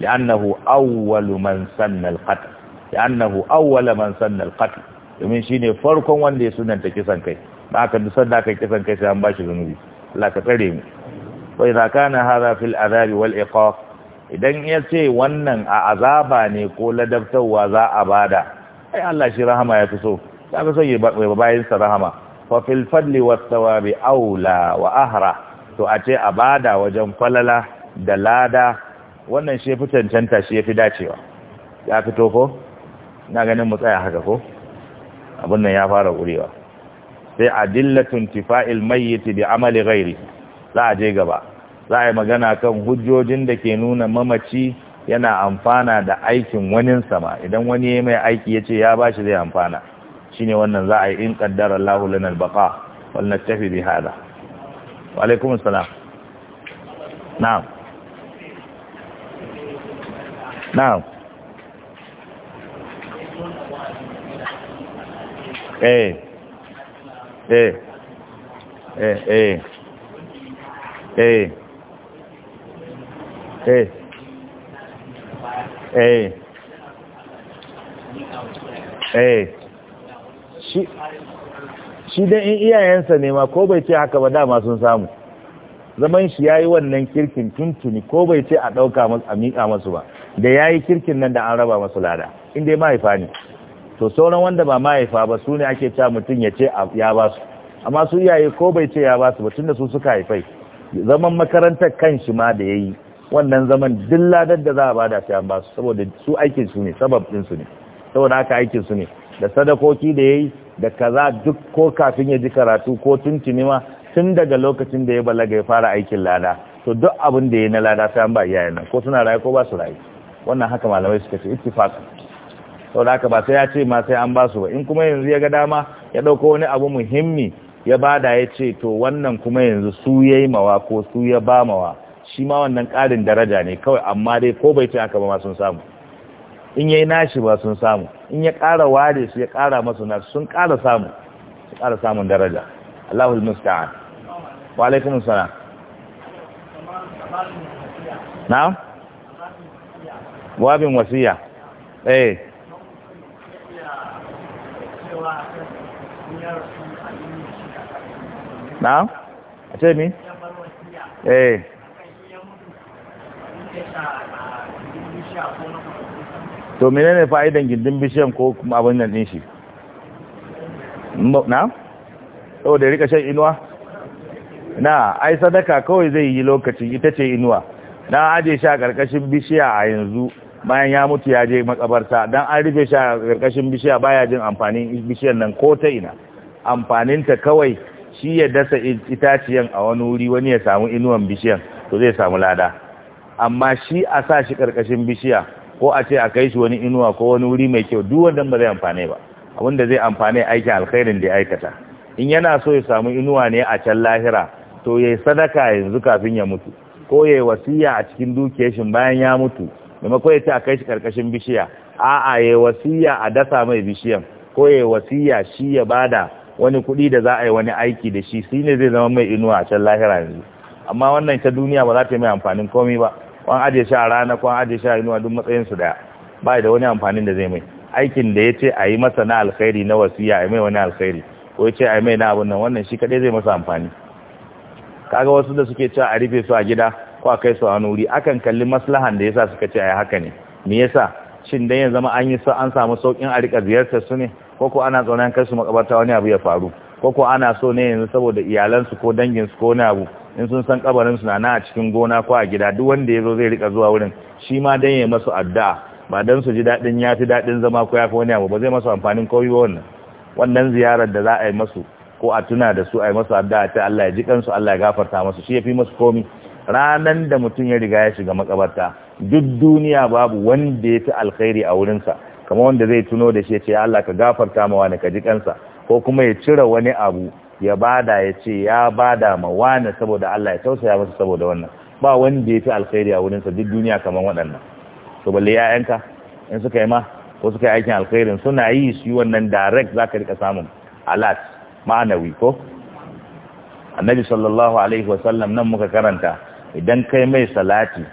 li'annahu awwalu man sanna al-qatl li'annahu awwala man sanna al-qatl domin shine farkon wanda ya sunanta kisan kai ba ka dusar da aka kisan kai sai an ba shi zunubi Allah ka tsare mu wa idza kana hadha fil azabi wal iqaf idan ya ce wannan a azaba ne ko ladabtarwa za a bada ai Allah shi rahama ya fi so ya fi so ya bayan sa rahama fa fil fadli was aula wa ahra to a ce a bada wajen falala da lada wannan shi fi cancanta shi fi dacewa ya fito ko na ganin mu tsaya haka ko abin nan ya fara ƙurewa sai adillatun tifa'il mayyiti bi amali ghairi za a je gaba za a yi magana kan hujjojin da ke nuna mamaci yana amfana da aikin waninsa sama idan wani ya mai aiki ya ce ya ba shi zai amfana shi ne wannan za a yi in ƙaddara Allah hulun albaqa wal tafi bi hada alaikum assalam na'am na'am eh eh eh eh eh eh eh eh shi shi in iyayensa ne ma ko bai ce haka ba dama sun samu zaman shi ya yi wannan kirkin tuntuni ko bai ce a ɗauka a mika masu ba da yayi kirkin nan da an raba masu lada inda mahaifa ne to sauran wanda ba mahaifa ba su ne ake cewa mutum ya ce ya ba su amma su iyaye ko bai ce ya ba su ba tunda su suka haifai zaman makarantar kan shi ma da ya yi wannan zaman dilladar da za a bada sai an ba su saboda su aikin su ne sabab din su ne saboda haka aikin su ne da sadakoki da yayi da kaza duk ko kafin ya ji karatu ko tuntuni ma tun daga lokacin da ya balaga ya fara aikin lada to duk abin da yi na lada sai an ba iyayen nan ko suna raye ko ba su raye wannan haka malamai suka ce ittifaqan saboda haka ba sai ya ce ma sai an ba su ba in kuma yanzu ya ga dama ya ɗauko wani abu muhimmi ya bada ya ce to wannan kuma yanzu su ya yi mawa ko su ya ba mawa shi ma wannan ƙarin daraja ne kawai amma dai ko bai ce aka ba ma sun samu in ya yi nashi ba sun samu in ya ƙara ware su ya ƙara masu nasu sun ƙara samu su ƙara samun daraja Allahul musta'an wa alaikum salam na wabin wasiya eh na a mi eh to menene fa'idan gindin bishiyan ko kuma abin nan din shi na saboda da rika shan inuwa na ai sadaka kawai zai yi lokaci ita ce inuwa na aje shi a ƙarƙashin bishiya a yanzu bayan ya mutu ya je makabarta don an rufe shi a ƙarƙashin bishiya baya jin amfanin bishiyan nan ko ta ina amfaninta kawai shi ya dasa itaciyan a wani wuri wani ya samu inuwan bishiyan to zai samu lada amma shi a sa shi karkashin bishiya ko a ce a kai shi wani inuwa ko wani wuri mai kyau duk wanda ba zai amfane ba abin da zai amfane aikin alkhairin da ya aikata in yana so ya samu inuwa ne a can lahira to yayi sadaka yanzu kafin ya mutu ko yayi wasiya a cikin dukiyar shi bayan ya mutu maimakon ya ce a kai shi karkashin bishiya a'a yayi wasiya a dasa mai bishiyan ko yayi wasiya shi ya bada wani kuɗi da za a yi wani aiki da shi ne zai zama mai inuwa a can lahira yanzu amma wannan ta duniya ba za ta yi mai amfanin komai ba kwan ajiye shi a rana kwan ajiye shi a inuwa duk matsayin daya ba da wani amfanin da zai mai aikin da ya ce a yi masa na alkhairi na wasiya a mai wani alkhairi ko ya ce a yi mai na abun nan wannan shi kadai zai masa amfani kaga wasu da suke cewa a rufe su a gida ko a kai su a wani wuri akan kalli maslahan da yasa suka ce a yi haka ne me yasa shin dan zama an yi an samu saukin a rika ziyartar su ne ko ko ana an kai su makabarta wani abu ya faru ko ko ana so ne yanzu saboda iyalansu ko danginsu ko wani abu in sun san kabarin su na na a cikin gona ko a gida duk wanda ya zo zai rika zuwa wurin shi ma dan ya masu addu'a ba dan su ji dadin ya fi dadin zama ko ya fi wani abu ba zai masu amfanin koyi wannan wannan ziyarar da za a yi masu ko a tuna da su a yi masu addu'a ta Allah ya ji kansu Allah ya gafarta masu shi ya fi masu komi ranan da mutum ya riga ya shiga makabarta duk duniya babu wanda ya fi alkhairi a wurinsa kamar wanda zai tuno da shi ce Allah ka gafarta ma wani ka ji kansa ko kuma ya cire wani abu ya bada ya ce ya bada ma wani saboda Allah ya tausaya masa saboda wannan ba wanda ya fi alkhairi a wurin sa duk duniya kamar waɗannan to balle ya'yanka in suka yi ma ko suka yi aikin alkhairin suna yi su yi wannan direct za ka rika samun alat ma'anawi ko annabi sallallahu alaihi wasallam nan muka karanta idan kai mai salati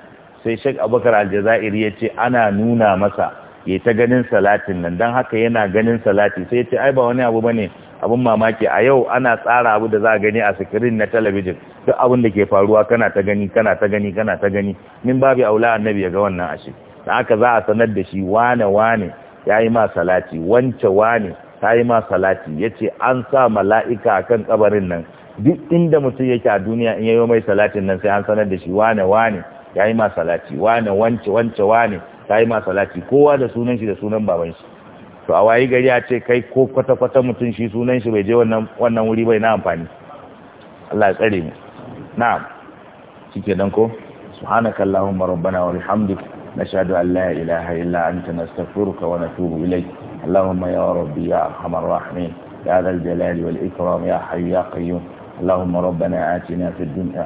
sai shek abubakar aljazairi ya ce ana nuna masa ke ta ganin salatin nan don haka yana ganin salati sai ya ce ai ba wani abu bane abun mamaki a yau ana tsara abu da za a gani a sikirin na talabijin duk abin da ke faruwa kana ta gani kana ta gani kana ta gani min babu aula annabi ya ga wannan ashe da haka za a sanar da shi wane wane ya yi ma salati wance wane ta yi ma salati ce an sa mala'ika a kan kabarin nan duk inda mutum yake a duniya in yayo mai salatin nan sai an sanar da shi wane wane ya yi ma salati wane wance wance wane ta yi masalati kowa da sunan shi da sunan baban shi to a wayi gari a ce kai ko kwata-kwata mutum shi sunan shi bai je wannan wuri bai na amfani Allah ya tsare mu na'am cike dan ko subhanaka allahumma rabbana wa bihamdik nashhadu an la ilaha illa anta nastaghfiruka wa natubu ilayk allahumma ya rabbi ya arhamar rahimin ya dal jalali wal ikram ya hayyu ya qayyum اللهم ربنا آتنا في الدنيا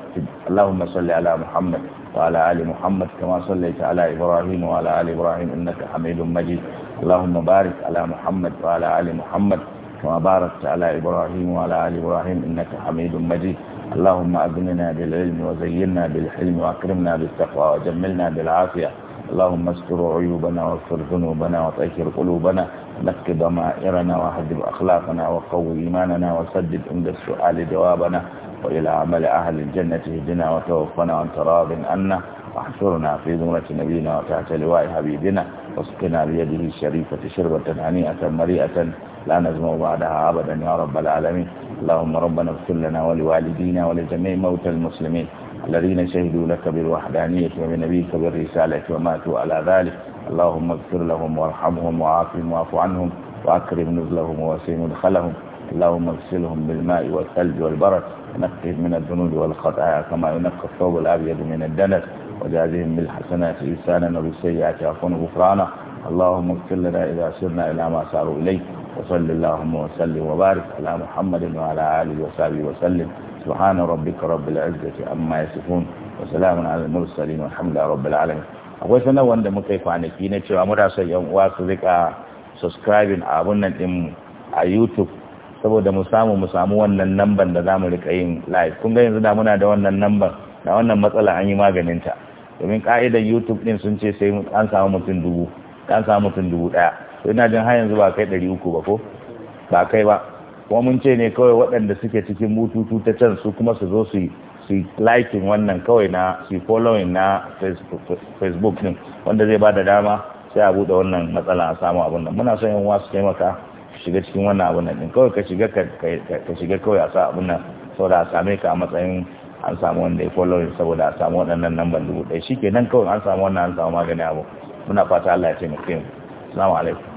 اللهم صل على محمد وعلى آل محمد كما صليت على إبراهيم وعلى آل إبراهيم إنك حميد مجيد اللهم بارك على محمد وعلى آل محمد كما باركت على إبراهيم وعلى آل إبراهيم إنك حميد مجيد اللهم أغننا بالعلم وزينا بالحلم وأكرمنا بالتقوى وجملنا بالعافية اللهم استر عيوبنا واغفر ذنوبنا وطهر قلوبنا نقي ضمائرنا وهذب أخلاقنا وقوي إيماننا وسدد عند السؤال جوابنا وإلى عمل أهل الجنة هدنا وتوفنا وانت راض عنا واحشرنا في زمرة نبينا وتحت لواء حبيبنا واسقنا بيده الشريفة شربة هنيئة مريئة لا نزمع بعدها أبدا يا رب العالمين اللهم ربنا اغفر لنا ولوالدينا ولجميع موتى المسلمين الذين شهدوا لك بالوحدانية وبنبيك بالرسالة وماتوا على ذلك اللهم اغفر لهم وارحمهم وعافهم واعف عنهم وأكرم نزلهم ووسيم مدخلهم اللهم اغسلهم بالماء والثلج والبرد ونقهم من الذنوب والخطايا كما ينقى الثوب الأبيض من الدنس وجازهم بالحسنات إنسانا وبالسيئات عفوا غفرانا اللهم اغفر لنا إذا سرنا إلى ما ساروا إليه وصل اللهم وسلم وبارك على محمد وعلى آله وصحبه وسلم سبحان ربك رب العزة عما يصفون وسلام على المرسلين والحمد لله رب العالمين akwai sanar wanda muka yi kwanaki na cewa muna son yan uwa su rika subscribing a abun nan din a YouTube saboda mu samu mu samu wannan namban da zamu rika yin live kun ga yanzu da muna da wannan namban da wannan matsala an yi maganin ta domin ka'idar YouTube din sun ce sai an samu mutum dubu an samu mutum dubu daya to ina jin har yanzu ba kai 300 ba ko ba kai ba kuma mun ce ne kawai waɗanda suke cikin bututu ta can su kuma su zo su yi su liking wannan kawai na su following na facebook din wanda zai bada dama sai a bude wannan matsala a samu abun nan muna son yan wasu taimaka shiga cikin wannan abun nan din kawai ka shiga ka shiga kawai a sa abun nan saboda a same ka a matsayin an samu wanda ya following saboda a samu wadannan lambar dubu ɗaya shikenan kawai an samu wannan an samu magani abu muna fata Allah ya taimake mu assalamu alaikum